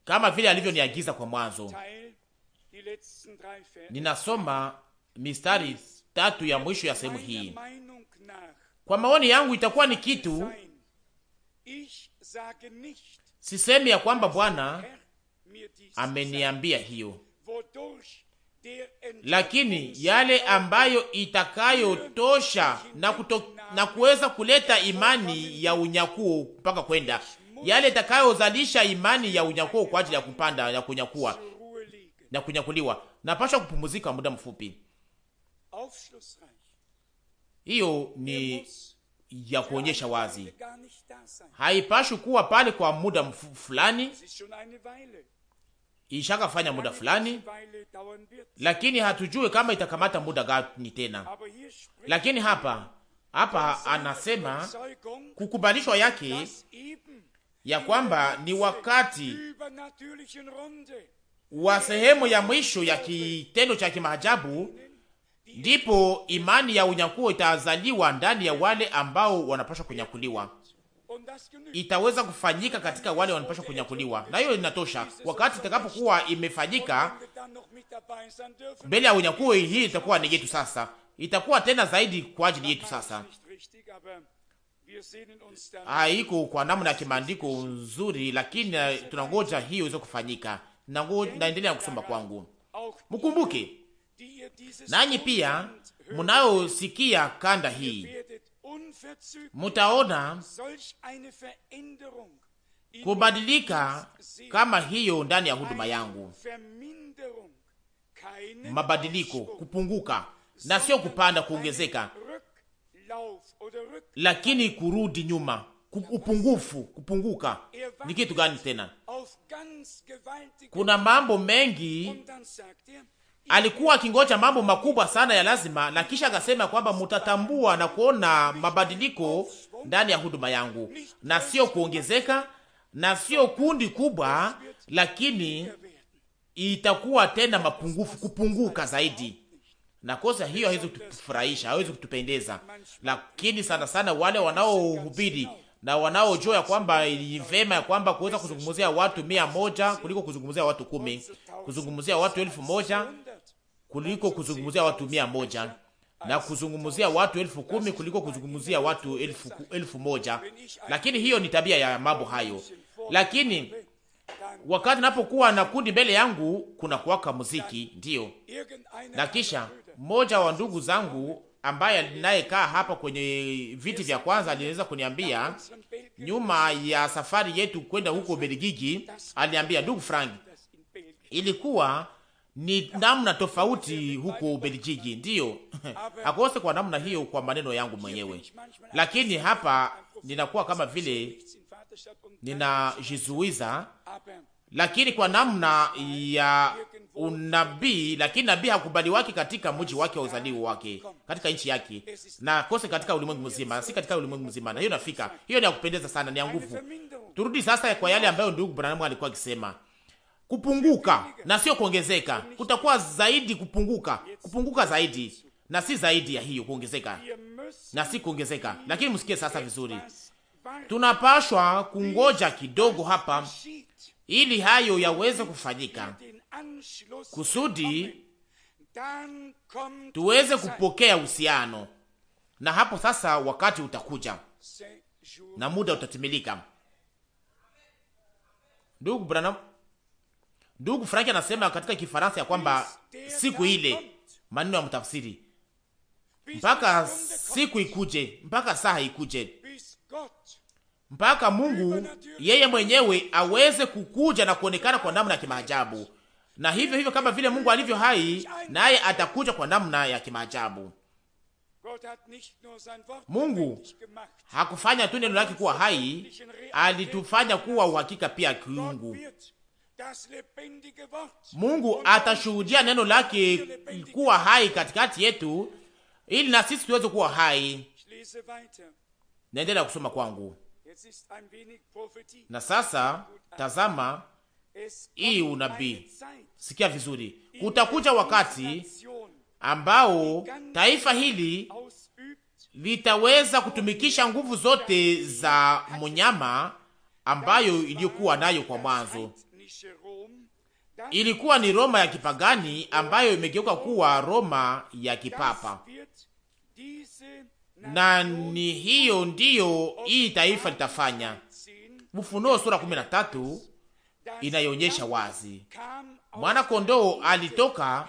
kama vile alivyoniagiza kwa mwanzo. Ninasoma mistari tatu ya mwisho ya sehemu hii. Kwa maoni yangu, itakuwa ni kitu sisemi ya kwamba Bwana ameniambia hiyo lakini yale ambayo itakayotosha na, na kuweza kuleta imani ya unyakuo mpaka kwenda yale itakayozalisha imani ya unyakuo kwa ajili ya kupanda na kunyakua na kunyakuliwa, Napashwa kupumzika muda mfupi. Hiyo ni ya kuonyesha wazi, haipashwi kuwa pale kwa muda fulani ishakafanya muda fulani, lakini hatujue kama itakamata muda gani tena. Lakini hapa hapa anasema kukubalishwa yake ya kwamba ni wakati wa sehemu ya mwisho ya kitendo cha kimaajabu, ndipo imani ya unyakuo itazaliwa ndani ya wale ambao wanapaswa kunyakuliwa itaweza kufanyika katika wale wanapashwa kunyakuliwa, na hiyo inatosha. Wakati itakapokuwa imefanyika mbele ya unyakuo, hii itakuwa ni yetu sasa, itakuwa tena zaidi kwa ajili yetu sasa. Haiko kwa namna ya kimaandiko nzuri, lakini tunangoja hiyo iweze kufanyika. Naendelea na kusoma kwangu, mkumbuke nanyi pia mnayosikia kanda hii mutaona kubadilika kama hiyo ndani ya huduma yangu, mabadiliko, kupunguka na sio kupanda, kuongezeka, lakini kurudi nyuma, upungufu, kupunguka. Ni kitu gani tena? Kuna mambo mengi alikuwa akingoja mambo makubwa sana ya lazima, na kisha akasema kwamba mutatambua na kuona mabadiliko ndani ya huduma yangu, na sio kuongezeka na sio kundi kubwa, lakini itakuwa tena mapungufu, kupunguka zaidi. Na kosa hiyo haiwezi kutufurahisha, haiwezi kutupendeza, lakini sana sana wale wanaohubiri na wanaojua ya kwamba ni vema ya kwamba kuweza kuzungumzia watu mia moja kuliko kuzungumzia watu kumi, kuzungumzia watu elfu moja kuliko kuzungumzia watu mia moja na kuzungumzia watu elfu kumi kuliko kuzungumzia watu elfu, elfu moja. Lakini hiyo ni tabia ya mambo hayo. Lakini wakati napokuwa na kundi mbele yangu kuna kuwaka muziki ndiyo, na kisha mmoja wa ndugu zangu ambaye alinayekaa hapa kwenye viti vya kwanza aliweza kuniambia nyuma ya safari yetu kwenda huko Belgiji, aliniambia ndugu Frank, ilikuwa ni namna tofauti huko Ubelgiji, ndiyo akose kwa namna hiyo, kwa maneno yangu mwenyewe, lakini hapa ninakuwa kama vile ninajizuiza, lakini kwa namna ya unabii, lakini nabii hakubali wake katika mji wake wa uzaliu wake, katika nchi yake, na kose katika ulimwengu mzima, si katika ulimwengu mzima. Na hiyo nafika hiyo, ni ya kupendeza sana, ni ya nguvu. Turudi sasa kwa yale ambayo ndugu Branham alikuwa akisema kupunguka na sio kuongezeka. Kutakuwa zaidi kupunguka, kupunguka zaidi na si zaidi ya hiyo, kuongezeka na si kuongezeka. Lakini msikie sasa vizuri, tunapashwa kungoja kidogo hapa, ili hayo yaweze kufanyika kusudi tuweze kupokea uhusiano na hapo sasa, wakati utakuja na muda utatimilika. Ndugu Branham Ndugu Franki anasema katika Kifaransa ya kwamba siku ile, maneno ya mtafsiri, mpaka siku ikuje, mpaka saa ikuje, mpaka Mungu yeye mwenyewe aweze kukuja na kuonekana kwa namna ya kimaajabu. Na hivyo hivyo, kama vile Mungu alivyo hai, naye atakuja kwa namna ya kimaajabu. Mungu hakufanya tu neno lake kuwa hai, alitufanya kuwa uhakika pia kiungu Mungu atashuhudia neno lake kuwa hai katikati yetu, ili na sisi tuweze kuwa hai. Naendelea kusoma kwangu. Na sasa tazama, hii unabii, sikia vizuri. Kutakuja wakati ambao taifa hili litaweza kutumikisha nguvu zote za mnyama ambayo iliyokuwa nayo kwa mwanzo ilikuwa ni Roma ya kipagani ambayo imegeuka kuwa Roma ya kipapa, na ni hiyo ndiyo hii taifa litafanya. Ufunuo sura 13 inayoonyesha wazi mwana kondoo alitoka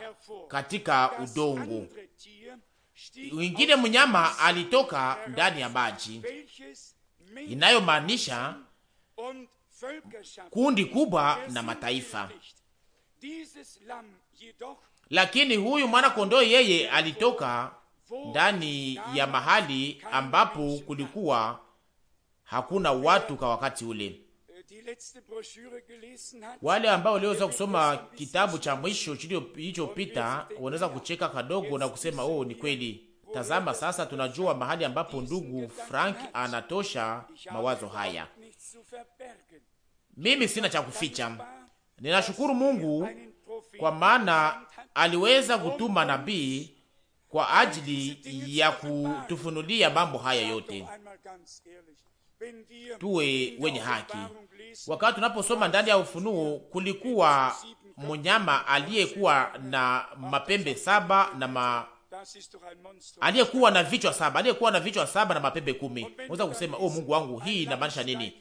katika udongo, wingine mnyama alitoka ndani ya maji, inayomaanisha kundi kubwa na mataifa lakini huyu mwana kondoo yeye alitoka ndani ya mahali ambapo kulikuwa hakuna watu kwa wakati ule. Uh, Wale ambao walioweza kusoma kitabu cha mwisho kilichopita wanaweza kucheka kadogo na kusema oh, ni kweli. Tazama sasa, tunajua mahali ambapo ndugu Frank anatosha mawazo haya. Mimi sina cha kuficha. Ninashukuru Mungu kwa maana aliweza kutuma nabii kwa ajili ya kutufunulia mambo haya yote. Tuwe wenye haki. Wakati tunaposoma ndani ya Ufunuo, kulikuwa mnyama aliyekuwa na mapembe saba na ma... aliyekuwa na vichwa saba, aliyekuwa na vichwa saba na mapembe kumi. Unaweza kusema oh, Mungu wangu, hii inamaanisha nini?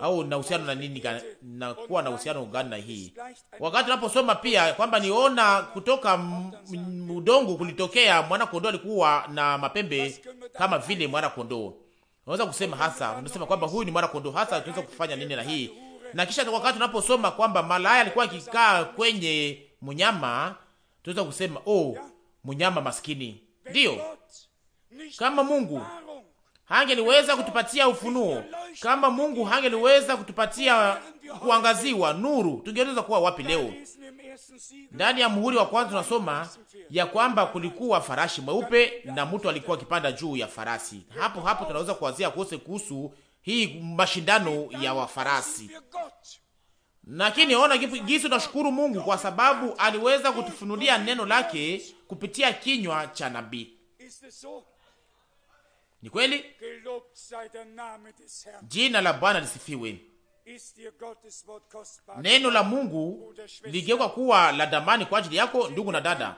au na uhusiano na nini na kuwa na uhusiano gani na hii? Wakati naposoma pia kwamba niona kutoka udongo kulitokea mwana kondoo, alikuwa na mapembe kama vile mwana kondoo. Unaweza kusema hasa, unasema kwamba huyu ni mwana kondoo, hasa tunaweza kufanya nini na hii? Na kisha wakati tunaposoma kwamba malaya alikuwa akikaa kwenye mnyama, tunaweza kusema oh, mnyama maskini. ndio kama Mungu hangeliweza kutupatia ufunuo, kama Mungu hangeliweza kutupatia kuangaziwa nuru, tungeweza kuwa wapi leo? Ndani ya muhuri wa kwanza tunasoma ya kwamba kulikuwa farashi mweupe na mtu alikuwa akipanda juu ya farasi. Hapo hapo tunaweza kuanzia kuhusu kuhusu hii mashindano ya wafarasi. Lakini ona gisi, tunashukuru Mungu kwa sababu aliweza kutufunulia neno lake kupitia kinywa cha nabii. Ni kweli, jina la Bwana lisifiwe. Neno la Mungu ligeuka kuwa la damani kwa ajili yako ndugu na dada,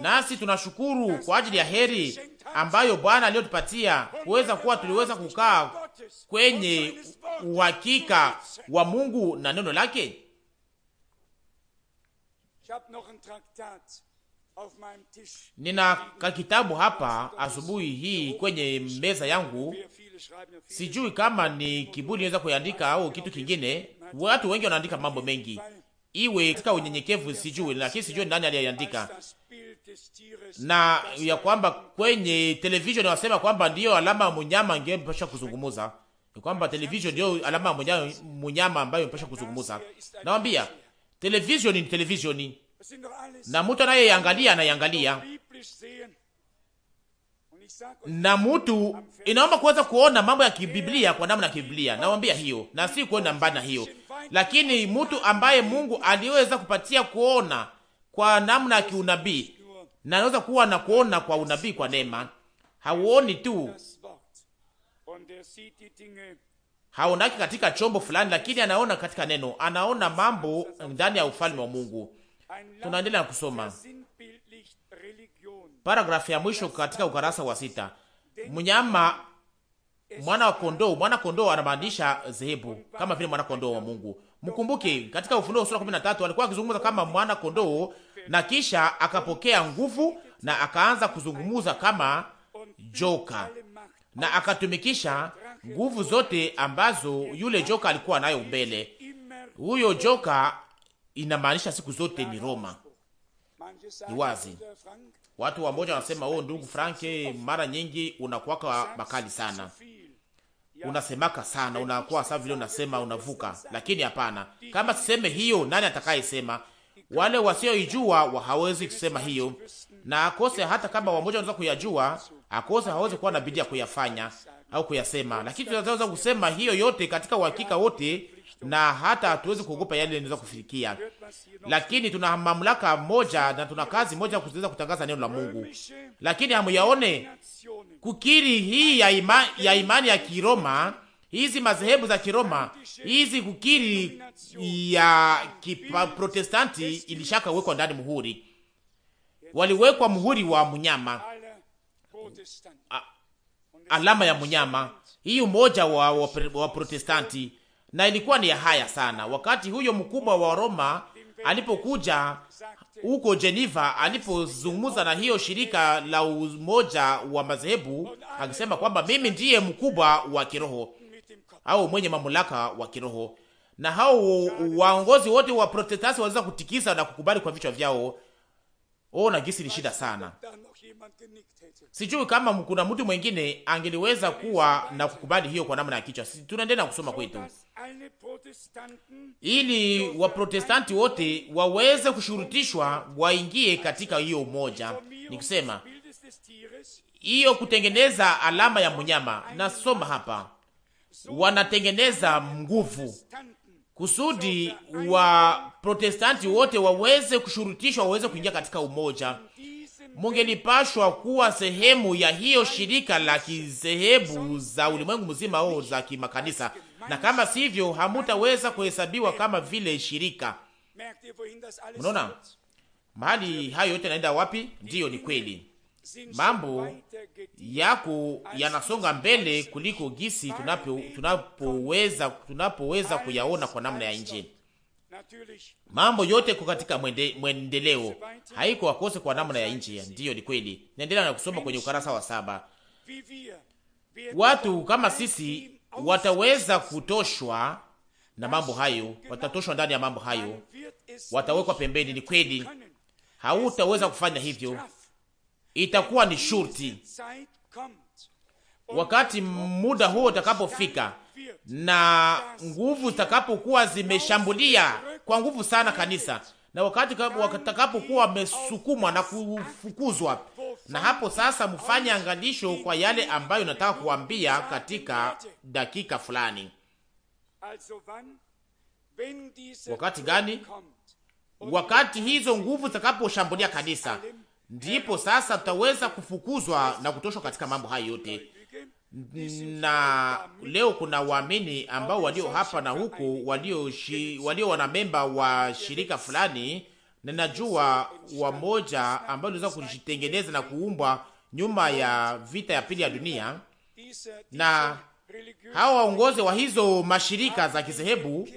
nasi tunashukuru kwa ajili ya heri ambayo Bwana aliyotupatia kuweza kuwa tuliweza kukaa kwenye uhakika wa Mungu na neno lake. Nina kakitabu hapa asubuhi hii kwenye meza yangu. Sijui kama ni kiburi niweza kuandika au kitu kingine. Watu wengi wanaandika mambo mengi, iwe katika unyenyekevu, sijui, lakini sijui nani aliyeandika, na ya kwamba kwenye television wasema kwamba ndiyo alama ya munyama ingepasha kuzungumuza, kwamba television ndio alama ya munyama ambayo imepasha kuzungumuza. nawambia television ni televisioni na mtu anayeyangalia anayangalia, na mtu inaomba kuweza kuona mambo ya kibiblia kwa namna ya kibiblia, nawambia hiyo, na si kuona mbana hiyo. Lakini mtu ambaye Mungu aliweza kupatia kuona kwa namna ya kiunabii, na anaweza kuwa na kuona kwa unabii kwa neema, hauoni tu haonaki katika chombo fulani, lakini anaona katika neno, anaona mambo ndani ya ufalme wa Mungu. Tunaendelea kusoma paragrafu ya mwisho katika ukarasa wa sita. Mnyama mwana wa kondoo, mwana kondoo anamaanisha zehebu kama vile mwana kondoo wa Mungu. Mkumbuke katika Ufunuo sura 13 alikuwa akizungumza kama mwana kondoo, na kisha akapokea nguvu na akaanza kuzungumza kama joka, na akatumikisha nguvu zote ambazo yule joka alikuwa nayo mbele. Huyo joka inamaanisha siku zote ni Roma. Ni wazi watu wamoja wanasema, oh, ndugu Franke, eh, mara nyingi unakuwaka makali sana, unasemaka sana, unakuwa sawa vile unasema unavuka. Lakini hapana, kama siseme hiyo, nani atakayesema? Wale wasioijua hawezi kusema hiyo, na akose hata kama wamoja wanaweza kuyajua, akose hawezi kuwa na bidii ya kuyafanya au kuyasema, lakini tunaweza kusema hiyo yote katika uhakika wote na hata hatuwezi kuogopa yale yanaweza kufikia, lakini tuna mamlaka moja na tuna kazi moja kuweza kutangaza neno la Mungu. Lakini hamuyaone kukiri hii ya, ima, ya imani ya Kiroma, hizi madhehebu za Kiroma, hizi kukiri ya Kiprotestanti ilishaka wekwa ndani muhuri, waliwekwa muhuri wa mnyama, alama ya mnyama, hii umoja wa, wa, wa Protestanti na ilikuwa ni ya haya sana. Wakati huyo mkubwa wa Roma alipokuja huko Geneva, alipozungumza na hiyo shirika la umoja wa madhehebu, akisema kwamba mimi ndiye mkubwa wa kiroho au mwenye mamlaka wa kiroho, na hao waongozi wote wa protestasi waliweza kutikisa na kukubali kwa vichwa vyao. Oh, na gisi ni shida sana Sijui kama kuna mtu mwingine angeliweza kuwa na kukubali hiyo kwa namna ya kichwa. Tunaendelea na kusoma kwetu, ili waprotestanti wote waweze kushurutishwa waingie katika hiyo umoja, nikusema hiyo kutengeneza alama ya mnyama. Nasoma hapa, wanatengeneza nguvu kusudi wa protestanti wote waweze kushurutishwa waweze kuingia katika umoja mungelipashwa kuwa sehemu ya hiyo shirika la kizehebu za ulimwengu mzima au za kimakanisa, na kama sivyo, hamutaweza kuhesabiwa kama vile shirika. Unaona mahali hayo yote yanaenda wapi? Ndiyo, ni kweli, mambo yako yanasonga mbele kuliko gisi tunapoweza tunapoweza kuyaona kwa namna ya nje. Mambo yote iko katika mwende, mwendeleo haiko wakose kwa namna ya nchi. Ndiyo, ni kweli. Naendelea na kusoma kwenye ukarasa wa saba. Watu kama sisi wataweza kutoshwa na mambo hayo, watatoshwa ndani ya mambo hayo, watawekwa pembeni. Ni kweli, hautaweza kufanya hivyo, itakuwa ni shurti wakati muda huo utakapofika na nguvu zitakapokuwa zimeshambulia kwa nguvu sana kanisa, na wakati watakapokuwa wamesukumwa na kufukuzwa, na hapo sasa mfanye angalisho kwa yale ambayo nataka kuambia katika dakika fulani. Wakati gani? Wakati hizo nguvu zitakaposhambulia kanisa, ndipo sasa tutaweza kufukuzwa na kutoshwa katika mambo hayo yote na leo kuna waamini ambao walio hapa na huku walio, shi, walio memba wa shirika fulani, na najua wamoja ambao liweza kujitengeneza na kuumbwa nyuma ya vita ya pili ya dunia, na hawa waongozi wa hizo mashirika za kizehebu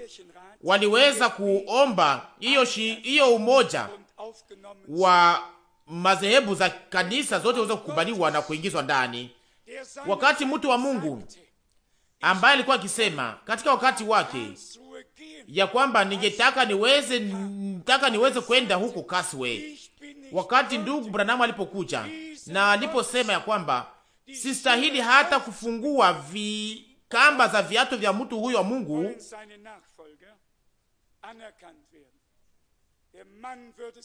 waliweza kuomba hiyo hiyo umoja wa madhehebu za kanisa zote uweze kukubaliwa na kuingizwa ndani wakati mtu wa Mungu ambaye alikuwa akisema katika wakati wake ya kwamba ningetaka niweze nitaka niweze kwenda huko Kaswe, wakati ndugu Branamu alipokuja na aliposema ya kwamba sistahili hata kufungua vikamba za viatu vya mtu huyo wa Mungu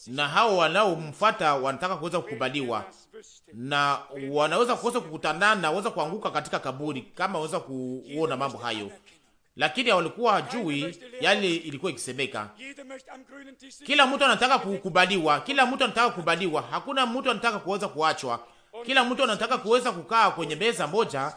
na hao wanaomfuata wanataka kuweza kukubaliwa na wanaweza kuweza kukutanana, waweza kuanguka katika kaburi kama waweza kuona mambo hayo, lakini walikuwa hajui yale ilikuwa ikisemeka. Kila mtu anataka kukubaliwa, kila mtu anataka kukubaliwa, hakuna mtu anataka kuweza kuachwa. Kila mtu anataka kuweza kukaa kwenye meza moja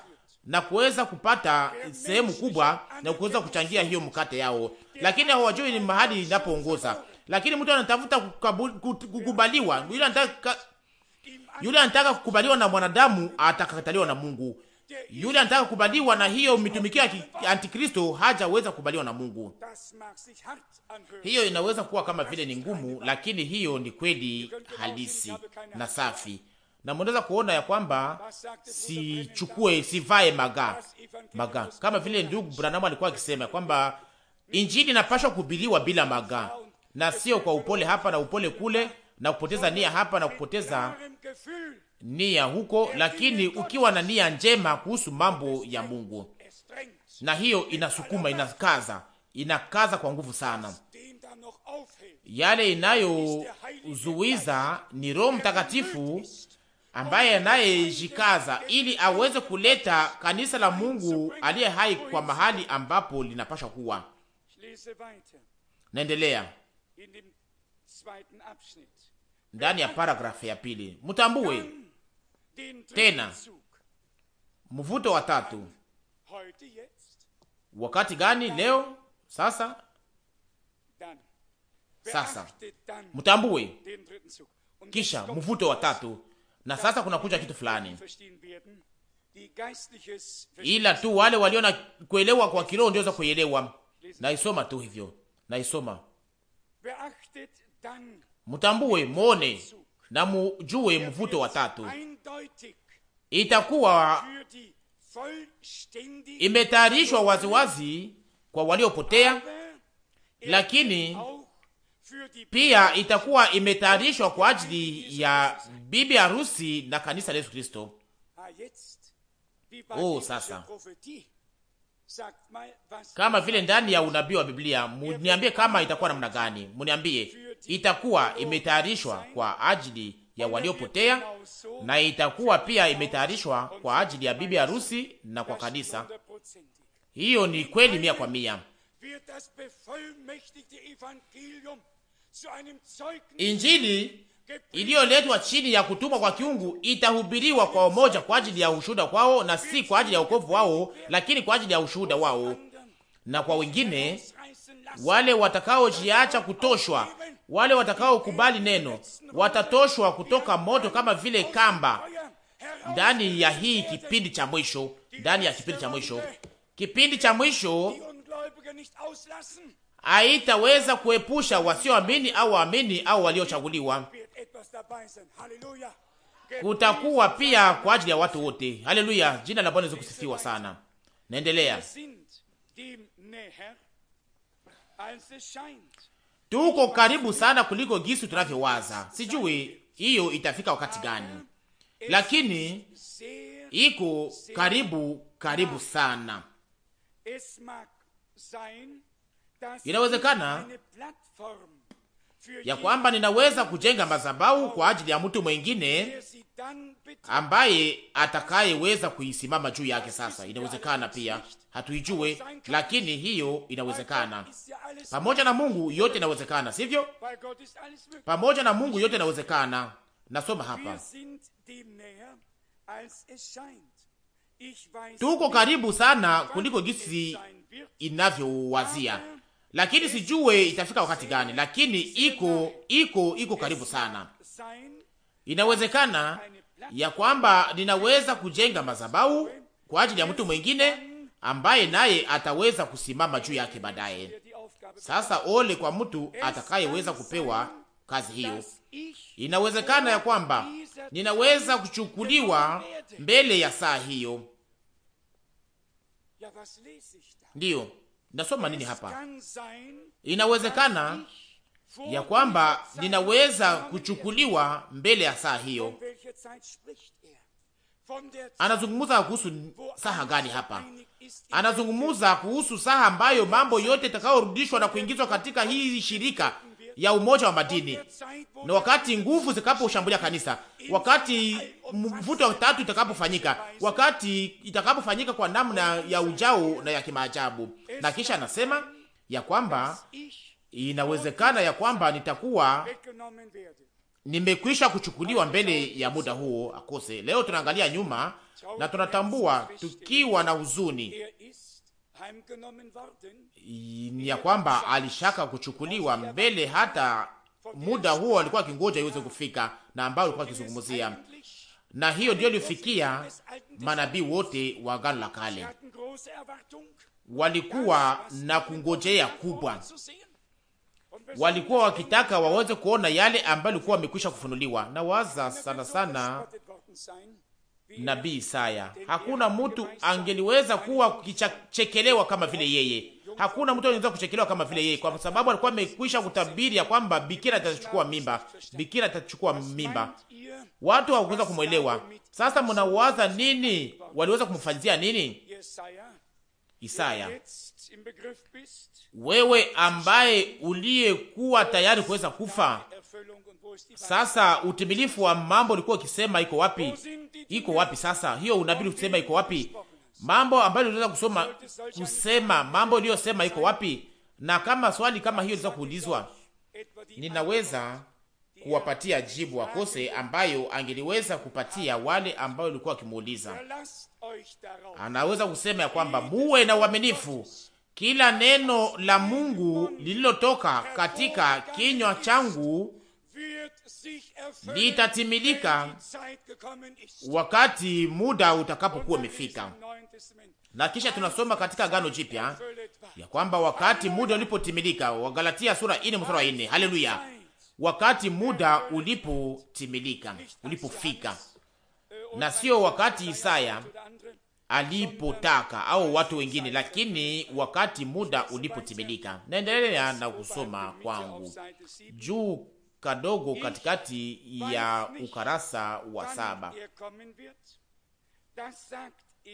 na kuweza kupata sehemu kubwa na kuweza kuchangia hiyo mkate yao, lakini hawajui ni mahali inapoongoza lakini mtu anatafuta kukubaliwa. Yule anataka yule anataka kukubaliwa na mwanadamu atakataliwa na Mungu. Yule anataka kukubaliwa na hiyo mitumikio ya Antikristo hajaweza kukubaliwa na Mungu. Hiyo inaweza kuwa kama vile ni ngumu, lakini hiyo ni kweli halisi na safi, na mnaweza kuona ya kwamba sichukue, sivae maga maga, kama vile ndugu Branham alikuwa akisema kwamba injili inapashwa kuhubiriwa bila maga na sio kwa upole hapa na upole kule, na kupoteza nia hapa na kupoteza nia huko, lakini ukiwa na nia njema kuhusu mambo ya Mungu, na hiyo inasukuma, inakaza, inakaza kwa nguvu sana. Yale inayozuiza ni Roho Mtakatifu ambaye anayejikaza ili aweze kuleta kanisa la Mungu aliye hai kwa mahali ambapo linapasha kuwa. Naendelea ndani ya paragrafu ya pili. Mutambue tena mvuto wa tatu. Wakati gani? Leo sasa, sasa mutambue kisha mvuto wa tatu. Na sasa kuna kucha kitu fulani, ila tu wale walio na kuelewa kwa kiroho ndio kuelewa. Naisoma tu hivyo, naisoma mutambue, mwone na mujue mvuto wa tatu. Itakuwa imetayarishwa waziwazi kwa waliopotea, er lakini pia itakuwa imetayarishwa kwa ajili ya bibi harusi na kanisa la Yesu Kristo. Ah, oh, sasa kama vile ndani ya unabii wa Biblia. Muniambie kama itakuwa namna gani, muniambie itakuwa imetayarishwa kwa ajili ya waliopotea na itakuwa pia imetayarishwa kwa ajili ya bibi harusi na kwa kanisa. Hiyo ni kweli mia kwa mia. Injili iliyoletwa chini ya kutumwa kwa kiungu itahubiriwa kwa umoja kwa ajili ya ushuhuda kwao, na si kwa ajili ya wokovu wao, lakini kwa ajili ya ushuhuda wao, na kwa wengine wale watakaojiacha kutoshwa, wale watakaokubali neno watatoshwa kutoka moto kama vile kamba ndani ya hii kipindi cha mwisho, ndani ya kipindi cha mwisho. Kipindi cha mwisho haitaweza kuepusha wasioamini au waamini au waliochaguliwa kutakuwa pia kwa ajili ya watu wote. Haleluya, jina la Bwana liweze kusifiwa sana. Naendelea, tuko karibu sana kuliko gisu tunavyowaza. Sijui hiyo itafika wakati gani, lakini iko karibu, karibu sana. Inawezekana ya kwamba ninaweza kujenga madhabahu kwa ajili ya mtu mwengine ambaye atakayeweza kuisimama juu yake. Sasa inawezekana pia, hatuijue, lakini hiyo inawezekana. Pamoja na Mungu yote inawezekana, sivyo? Pamoja na Mungu yote inawezekana. Nasoma hapa, tuko karibu sana kuliko jinsi inavyowazia lakini sijue itafika wakati gani, lakini iko iko iko karibu sana. Inawezekana ya kwamba ninaweza kujenga madhabahu kwa ajili ya mtu mwingine ambaye naye ataweza kusimama juu yake baadaye. Sasa ole kwa mtu atakayeweza kupewa kazi hiyo. Inawezekana ya kwamba ninaweza kuchukuliwa mbele ya saa hiyo, ndiyo Nasoma nini hapa? Inawezekana ya kwamba ninaweza kuchukuliwa mbele ya saa hiyo. Er? Anazungumza kuhusu saha gani hapa? Anazungumza kuhusu saha ambayo mambo yote itakayorudishwa na kuingizwa katika hii shirika ya umoja wa madini, na wakati nguvu zitakaposhambulia kanisa, wakati mvuto wa tatu itakapofanyika, wakati itakapofanyika kwa namna ya ujao na ya kimaajabu. Na kisha anasema ya kwamba inawezekana ya kwamba nitakuwa nimekwisha kuchukuliwa mbele ya muda huo akose. Leo tunaangalia nyuma na tunatambua tukiwa na huzuni ni ya kwamba alishaka kuchukuliwa mbele, hata muda huo alikuwa akingoja iweze kufika, na ambao alikuwa akizungumzia, na hiyo ndio ilifikia manabii wote wa Agano la Kale, walikuwa na kungojea kubwa, walikuwa wakitaka waweze kuona yale ambayo alikuwa wamekwisha kufunuliwa. Na waza sana sana nabii Isaya, hakuna mtu angeliweza kuwa kichekelewa kama vile yeye Hakuna mtu anaweza kuchekelewa kama vile yeye, kwa sababu alikuwa amekwisha kutabiri ya kwamba bikira atachukua mimba, bikira atachukua mimba. Watu hawakuweza kumwelewa. Sasa mnawaza nini? Waliweza kumfanyia nini? Isaya, wewe ambaye uliyekuwa tayari kuweza kufa, sasa utimilifu wa mambo ulikuwa ukisema iko wapi? Iko wapi sasa? Hiyo unabii kusema iko wapi? mambo ambayo unaweza kusoma kusema mambo iliyosema iko wapi, na kama swali kama hiyo liza kuulizwa, ninaweza kuwapatia jibu akose ambayo angeliweza kupatia wale ambao walikuwa wakimuuliza. Anaweza kusema ya kwamba muwe na uaminifu, kila neno la Mungu lililotoka katika kinywa changu litatimilika wakati muda utakapokuwa umefika. Na kisha tunasoma katika Agano Jipya ya kwamba wakati muda ulipotimilika, Wagalatia sura 4 mstari wa 4. Haleluya! Wakati muda ulipotimilika, ulipofika, na sio wakati Isaya alipotaka au watu wengine, lakini wakati muda ulipotimilika. Naendelea na kusoma kwangu juu kadogo katikati ya ukarasa wa saba.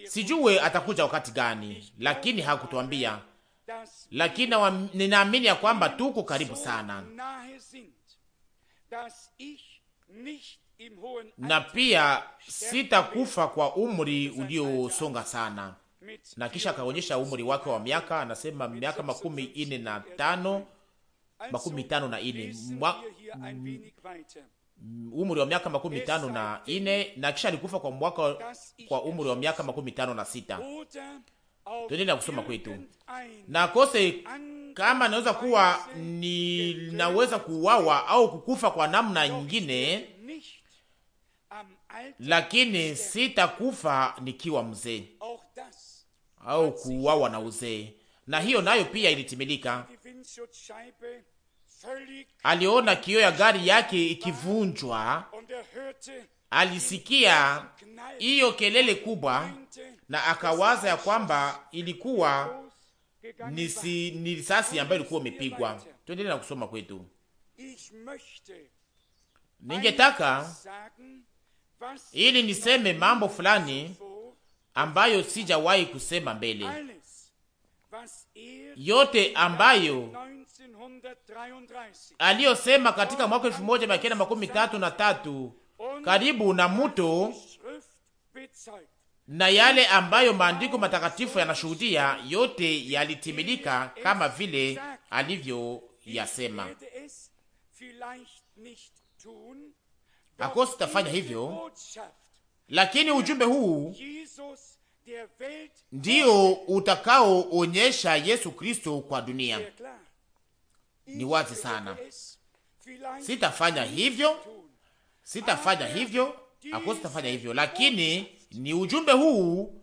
Sijue atakuja wakati gani, lakini hakutuambia, lakini ninaamini ya kwamba tuko karibu sana, na pia sitakufa kwa umri uliosonga sana. Na kisha akaonyesha umri wake wa miaka, anasema miaka makumi ine na tano makumi tano na ine Mwa... Mm, umri wa miaka makumi tano na ine na kisha alikufa kwa mwaka kwa umri wa miaka makumi tano na sita. Tuendelea kusoma kwetu na kose kama naweza kuwa ninaweza kuuawa au kukufa kwa namna nyingine, lakini sitakufa nikiwa mzee au kuuawa na uzee, na hiyo nayo pia ilitimilika aliona kioo ya gari yake ikivunjwa, er alisikia hiyo kelele kubwa, na akawaza ya kwamba ilikuwa nisi, ni risasi ambayo ilikuwa imepigwa. Tuendelee na kusoma kwetu. Ningetaka ili niseme mambo fulani ambayo sijawahi kusema mbele yote ambayo aliyosema katika mwaka elfu moja mia kenda makumi tatu na tatu karibu na mto na yale ambayo maandiko matakatifu yanashuhudia yote yalitimilika kama vile alivyoyasema. Akosi tafanya hivyo, lakini ujumbe huu ndio utakaoonyesha Yesu Kristo kwa dunia. Ni wazi sana, sitafanya hivyo, sitafanya hivyo, akosi sitafanya hivyo, lakini ni ujumbe huu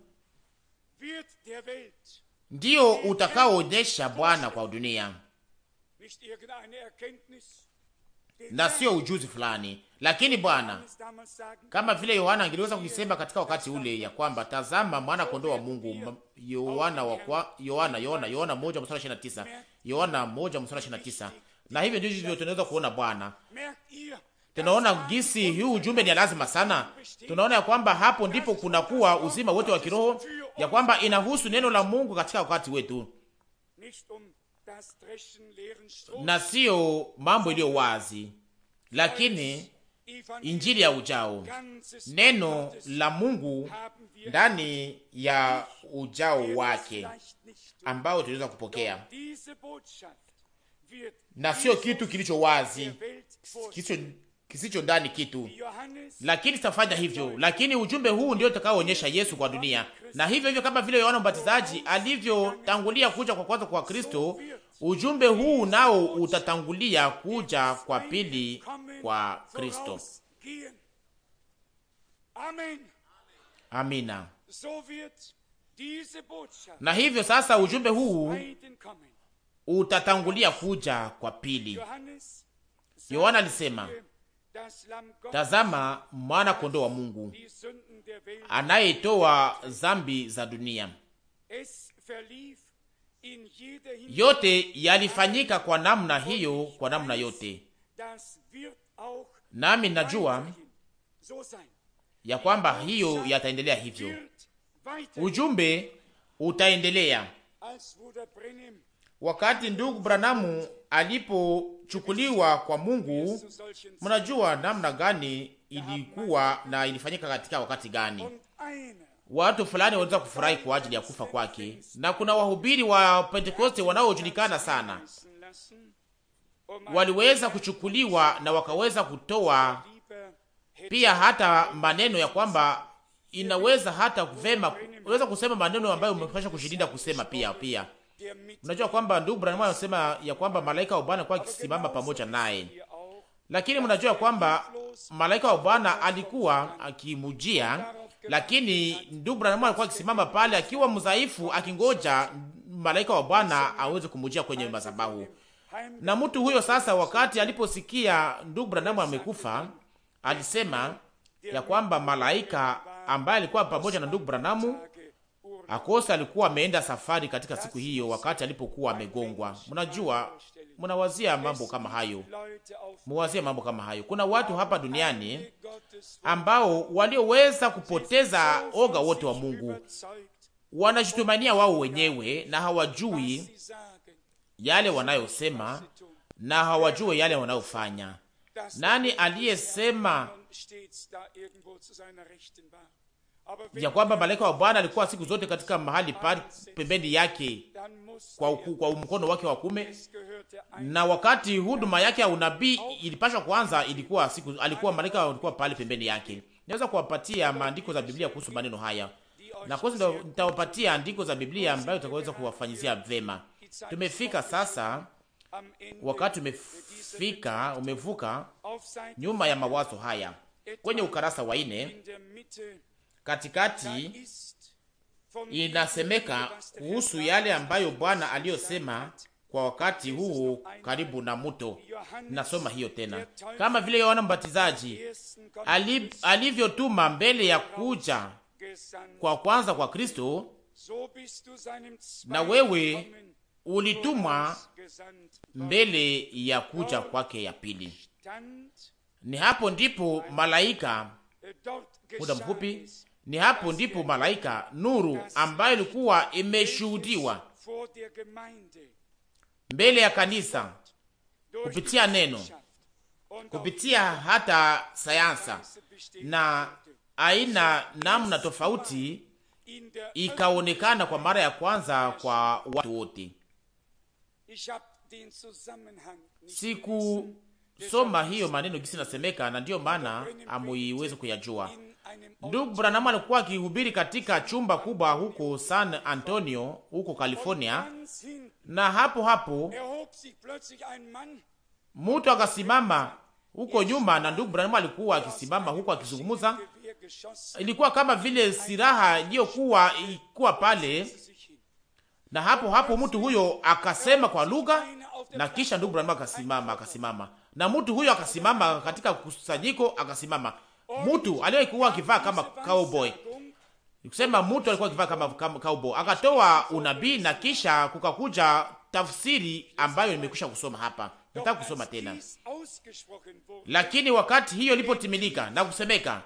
ndio utakaoonyesha Bwana kwa dunia na sio ujuzi fulani lakini Bwana, kama vile Yohana angeliweza kuisema katika wakati ule ya kwamba tazama mwana kondoo wa Mungu, Yohana wa kwa Yohana Yohana Yohana 1:29 Yohana 1:29. Na hivyo ndivyo tunaweza kuona Bwana. Tunaona gisi hii ujumbe ni lazima sana. Tunaona ya kwamba hapo ndipo kunakuwa uzima wote wa kiroho, ya kwamba inahusu neno la Mungu katika wakati wetu na sio mambo iliyo wazi, lakini injili ya ujao, neno la Mungu ndani ya ujao wake ambao tunaweza kupokea, na sio kitu kilicho wazi, kisicho kisicho ndani kitu, lakini sitafanya hivyo. Lakini ujumbe huu ndio utakaoonyesha Yesu kwa dunia, na hivyo hivyo kama vile Yohana Mbatizaji alivyotangulia kuja kwa kwanza kwa Kristo, Ujumbe huu nao utatangulia kuja kwa pili kwa Kristo. Amina. Na hivyo sasa ujumbe huu utatangulia kuja kwa pili. Yohana alisema, tazama mwana kondoo wa Mungu anayetoa zambi za dunia yote yalifanyika kwa namna hiyo, kwa namna yote. Nami najua ya kwamba hiyo yataendelea hivyo, ujumbe utaendelea. Wakati ndugu Branamu alipochukuliwa kwa Mungu, mnajua namna gani ilikuwa na ilifanyika katika wakati gani watu fulani wanaweza kufurahi kwa ajili ya kufa kwake, na kuna wahubiri wa Pentekoste wanaojulikana sana waliweza kuchukuliwa na wakaweza kutoa pia hata maneno ya kwamba inaweza hata kuvema unaweza kusema maneno ambayo umepasha kushinda kusema. Pia pia unajua kwamba ndugu Branham anasema ya kwamba malaika wa Bwana kwa kisimama pamoja naye, lakini mnajua kwamba malaika wa Bwana alikuwa akimujia lakini ndugu Branham alikuwa akisimama pale akiwa mdhaifu, akingoja malaika wa Bwana aweze kumujia kwenye madhabahu. Na mtu huyo sasa, wakati aliposikia ndugu Branham amekufa, alisema ya kwamba malaika ambaye alikuwa pamoja na ndugu Branham Akosa alikuwa ameenda safari katika siku hiyo wakati alipokuwa amegongwa. Mnajua, mnawazia mambo kama hayo, mwazia mambo kama hayo. Kuna watu hapa duniani ambao walioweza kupoteza oga wote wa Mungu, wanajitumania wao wenyewe na hawajui yale wanayosema na hawajui yale wanayofanya. Nani aliyesema ya kwamba malaika wa Bwana alikuwa siku zote katika mahali pa pembeni yake kwa, uku, kwa mkono wake wa kume, na wakati huduma yake ya unabii ilipashwa kuanza, ilikuwa siku alikuwa malaika alikuwa pale pembeni yake. Naweza kuwapatia maandiko za Biblia kuhusu maneno haya, na kwa sababu nitawapatia andiko za Biblia ambayo utakaweza kuwafanyizia vema. Tumefika sasa, wakati umefika, umevuka nyuma ya mawazo haya kwenye ukarasa wa nne katikati inasemeka kuhusu yale ambayo Bwana aliyosema kwa wakati huu karibu na muto. Nasoma hiyo tena, kama vile Yohana Mbatizaji alivyotuma mbele ya kuja kwa kwanza kwa Kristo, na wewe ulitumwa mbele ya kuja kwake ya pili. Ni hapo ndipo malaika muda mfupi ni hapo ndipo malaika nuru ambayo ilikuwa imeshuhudiwa mbele ya kanisa kupitia neno, kupitia hata sayansa na aina namna tofauti, ikaonekana kwa mara ya kwanza kwa watu wote. Sikusoma hiyo maneno gisi nasemeka, na ndiyo maana amuiweze kuyajua Ndugu Branham alikuwa akihubiri katika chumba kubwa huko San Antonio huko California, na hapo hapo mtu akasimama huko nyuma, na ndugu Branham alikuwa akisimama huko akizungumza. Ilikuwa kama vile silaha iliyokuwa ilikuwa pale, na hapo hapo mtu huyo akasema kwa lugha, na kisha ndugu Branham akasimama, akasimama, na mtu huyo akasimama katika kusanyiko, akasimama mtu aliyekuwa akivaa kama cowboy, nikusema mtu alikuwa akivaa kama cowboy, akatoa unabii na kisha kukakuja tafsiri ambayo nimekwisha kusoma hapa. Nataka kusoma tena, lakini wakati hiyo ilipotimilika na kusemeka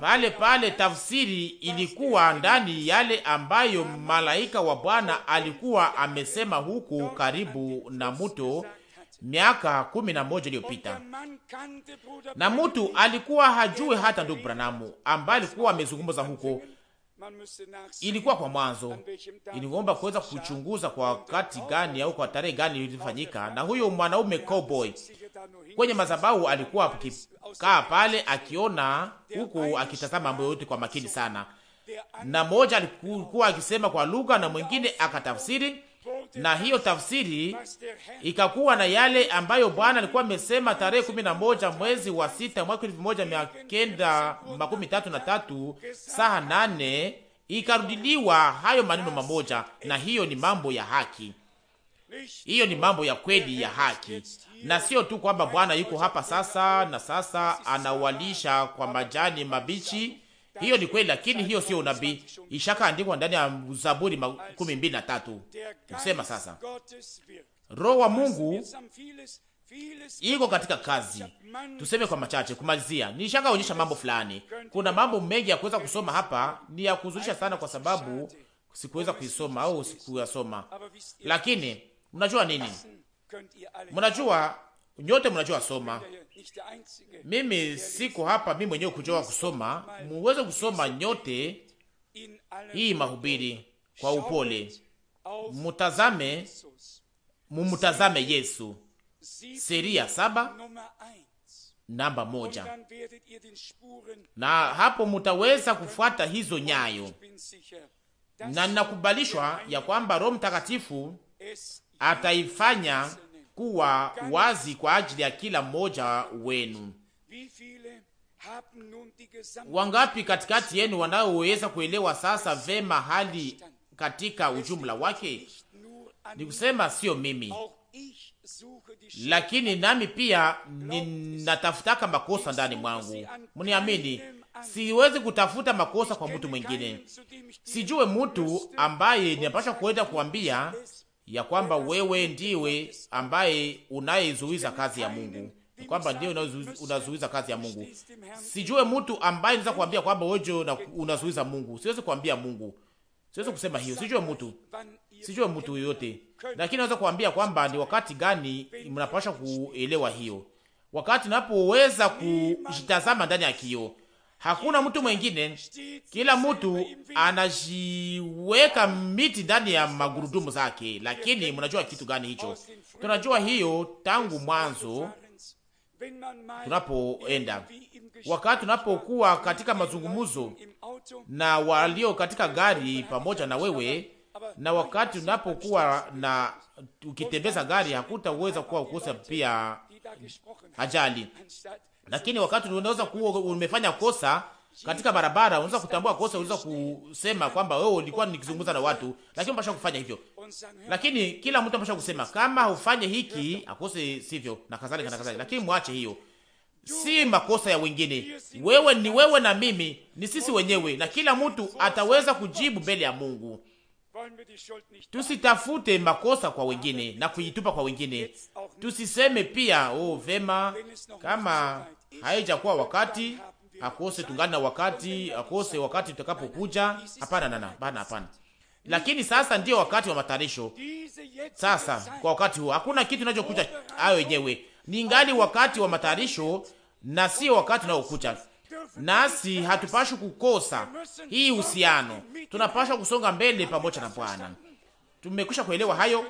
pale pale, tafsiri ilikuwa ndani yale ambayo malaika wa Bwana alikuwa amesema huku karibu na mto miaka kumi na moja iliyopita, na mtu alikuwa hajui hata ndugu Branamu ambaye alikuwa amezungumza huko. Ilikuwa kwa mwanzo, iliomba kuweza kuchunguza kwa wakati gani au kwa tarehe gani ilifanyika, na huyo mwanaume cowboy kwenye madhabahu alikuwa akikaa pale akiona huku akitazama mambo yote kwa makini sana, na moja alikuwa akisema kwa lugha na mwingine akatafsiri na hiyo tafsiri ikakuwa na yale ambayo Bwana alikuwa amesema tarehe kumi na moja mwezi wa sita mwaka elfu moja mia kenda makumi tatu na tatu saa nane ikarudiliwa hayo maneno mamoja, na hiyo ni mambo ya haki, hiyo ni mambo ya kweli ya haki, na sio tu kwamba Bwana yuko hapa sasa na sasa anawalisha kwa majani mabichi hiyo ni kweli, lakini hiyo sio unabii. Ishaka andikwa ndani ya Zaburi makumi mbili na tatu kusema sasa, roho wa Mungu iko katika kazi. Tuseme kwa machache kumalizia, nishaka onyesha mambo fulani. Kuna mambo mengi ya kuweza kusoma hapa, ni ya kuzulisha sana, kwa sababu sikuweza kuisoma au sikuyasoma. Lakini mnajua nini? Mnajua nyote, mnajua soma mimi siko hapa mimi mwenyewe kujua kusoma, muweze kusoma nyote hii mahubiri kwa upole, mutazame, mumutazame Yesu, seria saba namba moja, na hapo mutaweza kufuata hizo nyayo, na ninakubalishwa ya kwamba Roho Mtakatifu ataifanya kuwa wazi kwa ajili ya kila mmoja wenu. Wangapi katikati yenu wanaoweza kuelewa sasa vema hali katika ujumla wake? Ni kusema sio mimi, lakini nami pia ninatafutaka makosa ndani mwangu. Mniamini, siwezi kutafuta makosa kwa mtu mwingine. Sijue mtu ambaye ninapasha kuenda kuambia ya kwamba wewe ndiwe ambaye unayezuiza kazi ya Mungu, kwamba ndiye unazuiza kazi ya Mungu. Sijue mtu ambaye naweza kuambia kwamba wewe unazuiza Mungu. Siwezi kuambia Mungu, siwezi kusema hiyo. Sijue mtu, sijue mtu yoyote, lakini naweza kuambia kwamba ni wakati gani mnapasha kuelewa hiyo, wakati napoweza kujitazama ndani ya kioo hakuna mtu mwengine. Kila mtu anajiweka miti ndani ya magurudumu zake, lakini mnajua kitu gani hicho? Tunajua hiyo tangu mwanzo tunapoenda wakati tunapokuwa katika mazungumzo na walio katika gari pamoja na wewe, na wakati unapokuwa na ukitembeza gari, hakutaweza kuwa ukosa pia ajali lakini wakati unaweza kuwa umefanya kosa katika barabara, unaweza kutambua kosa, unaweza kusema kwamba wewe ulikuwa nikizungumza na watu, lakini unapaswa kufanya hivyo. Lakini kila mtu anapaswa kusema kama ufanye hiki akose sivyo na kadhalika na kadhalika, lakini mwache hiyo si makosa ya wengine. Wewe ni wewe na mimi ni sisi wenyewe, na kila mtu ataweza kujibu mbele ya Mungu. Tusitafute makosa kwa wengine na kuitupa kwa wengine. Tusiseme pia oh, vema kama haijakuwa wakati akose tungana na wakati akose wakati tutakapokuja. Hapana, nana bana, hapana. Lakini sasa ndio wakati wa matarisho. Sasa kwa wakati huo hakuna kitu kinachokuja, ayo yenyewe ni ngali wakati wa matarisho na sio wakati unaokuja nasi hatupashi kukosa hii uhusiano, tunapashwa kusonga mbele pamoja na Bwana. Tumekwisha kuelewa hayo,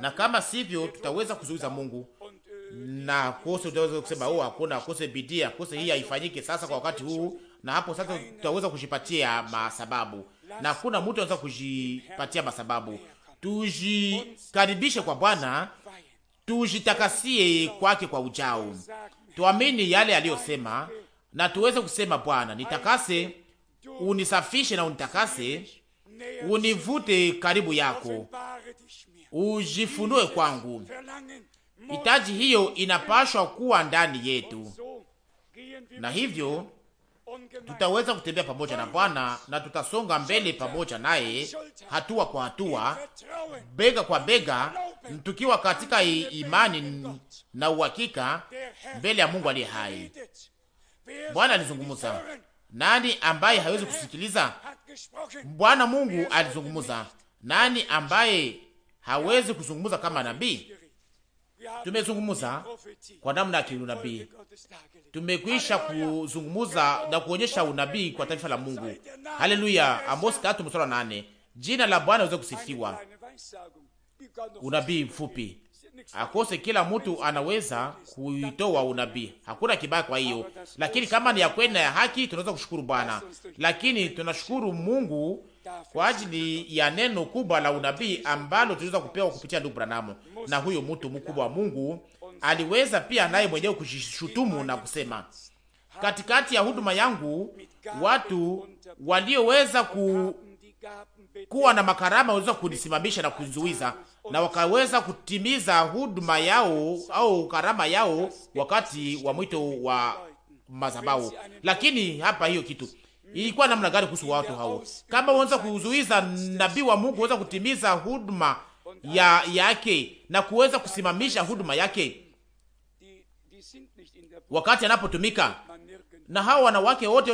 na kama sivyo, tutaweza kuzuiza Mungu na kose, utaweza kusema oh, hakuna kose, bidia kose, hii haifanyike sasa kwa wakati huu, na hapo sasa tutaweza kujipatia masababu, na hakuna mtu anaweza kujipatia masababu. Tujikaribishe kwa Bwana, tujitakasie kwake kwa ujao, tuamini yale aliyosema na tuweze kusema Bwana, nitakase, unisafishe na unitakase, univute karibu yako, ujifunue kwangu. Hitaji hiyo inapashwa kuwa ndani yetu, na hivyo tutaweza kutembea pamoja na Bwana na tutasonga mbele pamoja naye, hatua kwa hatua, bega kwa bega, tukiwa katika imani na uhakika mbele ya Mungu aliye hai. Bwana alizungumza. nani ambaye hawezi kusikiliza? Bwana Mungu alizungumuza, nani ambaye hawezi kuzungumuza kama nabii? Tumezungumuza kwa namna ya kiunabii, tumekwisha kuzungumza na kuonyesha unabii kwa taifa la Mungu. Haleluya! Amos tatu mstari nane. Jina la Bwana liweze kusifiwa. Unabii mfupi akose kila mtu anaweza kuitoa unabii, hakuna kibaya. Kwa hiyo lakini kama ni ya kweli na ya haki, tunaweza kushukuru Bwana. Lakini tunashukuru Mungu kwa ajili ya neno kubwa la unabii ambalo tuliweza kupewa kupitia ndugu Branamu, na huyo mtu mkubwa wa Mungu aliweza pia naye mwenyewe kujishutumu na kusema, katikati ya huduma yangu watu walioweza ku kuwa na makarama waliweza kunisimamisha na kunizuiza, na wakaweza kutimiza huduma yao au karama yao wakati wa mwito wa mazabao Lakini hapa hiyo kitu ilikuwa namna gani kuhusu watu hao? Kama wanaweza kuzuiza nabii wa Mungu waweza kutimiza huduma ya yake na kuweza kusimamisha huduma yake wakati anapotumika, na hao wanawake wote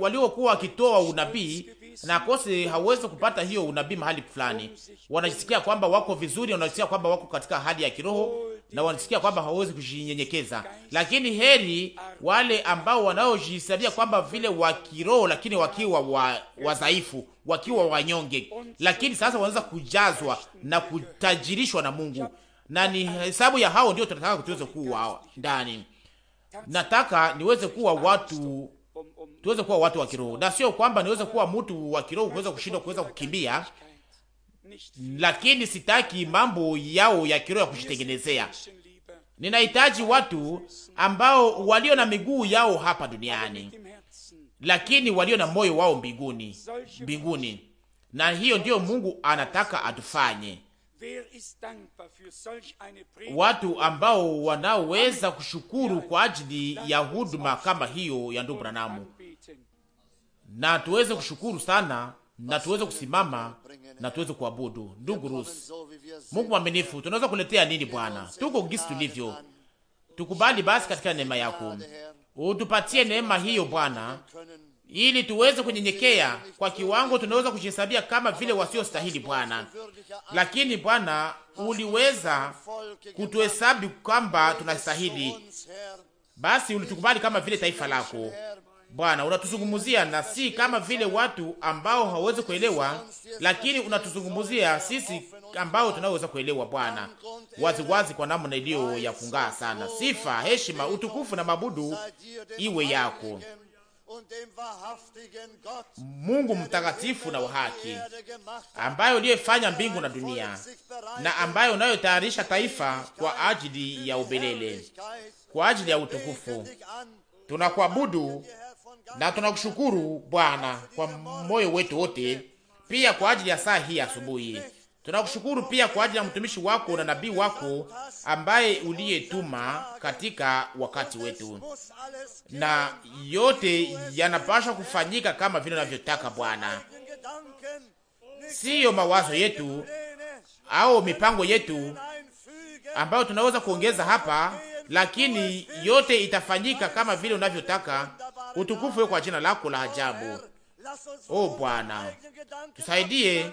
waliokuwa wakitoa unabii na kosi hawezi kupata hiyo unabii mahali fulani. Wanajisikia kwamba wako vizuri, wanajisikia kwamba wako katika hali ya kiroho na wanajisikia kwamba hawezi kujinyenyekeza, lakini heri wale ambao wanaojihesabia kwamba vile wa kiroho, lakini wakiwa wa, wadhaifu, wakiwa wanyonge, lakini sasa wanaweza kujazwa na kutajirishwa na Mungu, na ni hesabu ya hao ndio tunataka tuweze kuwa ndani. Nataka niweze kuwa watu tuweze kuwa watu wa kiroho, na sio kwamba niweze kuwa mtu wa kiroho kuweza kushindwa kuweza kukimbia, lakini sitaki mambo yao ya kiroho ya kujitengenezea. Ninahitaji watu ambao walio na miguu yao hapa duniani, lakini walio na moyo wao mbinguni, mbinguni. Na hiyo ndiyo Mungu anataka atufanye watu ambao wanaoweza kushukuru kwa ajili ya huduma kama hiyo ya ndugu Branamu na tuweze kushukuru sana na tuweze kusimama na tuweze kuabudu. Ndugu Rus, Mungu mwaminifu, tunaweza kuletea nini Bwana? Tuko gisi tulivyo, tukubali basi katika neema yako utupatie neema hiyo Bwana, ili tuweze kunyenyekea kwa kiwango tunaweza kujihesabia kama vile wasiostahili Bwana, lakini Bwana uliweza kutuhesabu kwamba tunastahili, basi ulitukubali kama vile taifa lako Bwana, unatuzungumzia na si kama vile watu ambao hawezi kuelewa, lakini unatuzungumzia sisi ambao tunaweza kuelewa Bwana waziwazi, kwa namna iliyo ya kung'aa sana. Sifa, heshima, utukufu na mabudu iwe yako Mungu mtakatifu na uhaki ambaye ambayo uliyefanya mbingu na dunia, na ambayo unayotayarisha taifa kwa ajili ya ubelele, kwa ajili ya utukufu. Tunakuabudu na tunakushukuru Bwana kwa moyo wetu wote, pia kwa ajili ya saa hii asubuhi. Tunakushukuru pia kwa ajili ya mtumishi wako na nabii wako ambaye uliyetuma katika wakati wetu, na yote yanapaswa kufanyika kama vile unavyotaka Bwana, siyo mawazo yetu au mipango yetu ambayo tunaweza kuongeza hapa, lakini yote itafanyika kama vile unavyotaka utukufu kwa jina lako la ajabu. O Bwana, tusaidie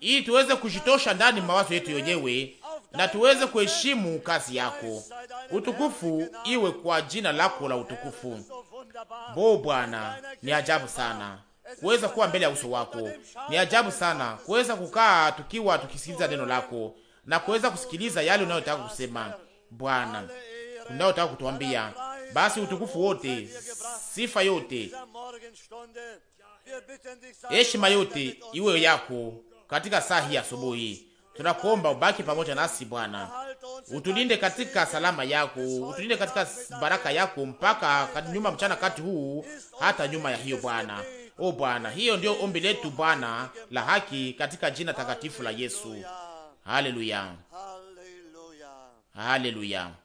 ili tuweze kujitosha ndani mawazo yetu yenyewe na tuweze kuheshimu kazi yako. Utukufu iwe kwa jina lako la utukufu. Bo Bwana, ni ajabu sana kuweza kuwa mbele ya uso wako. Ni ajabu sana kuweza kukaa tukiwa tukisikiliza neno lako na kuweza kusikiliza yale unayotaka kusema Bwana, unayotaka kutuambia. Basi utukufu wote, sifa yote, heshima yote iwe yako katika saa hii asubuhi. Tunakuomba ubaki pamoja nasi Bwana, utulinde katika salama yako, utulinde katika baraka yako mpaka nyuma mchana kati huu, hata nyuma ya hiyo Bwana. O Bwana, hiyo ndio ombi letu Bwana la haki katika jina takatifu la Yesu. Haleluya, haleluya.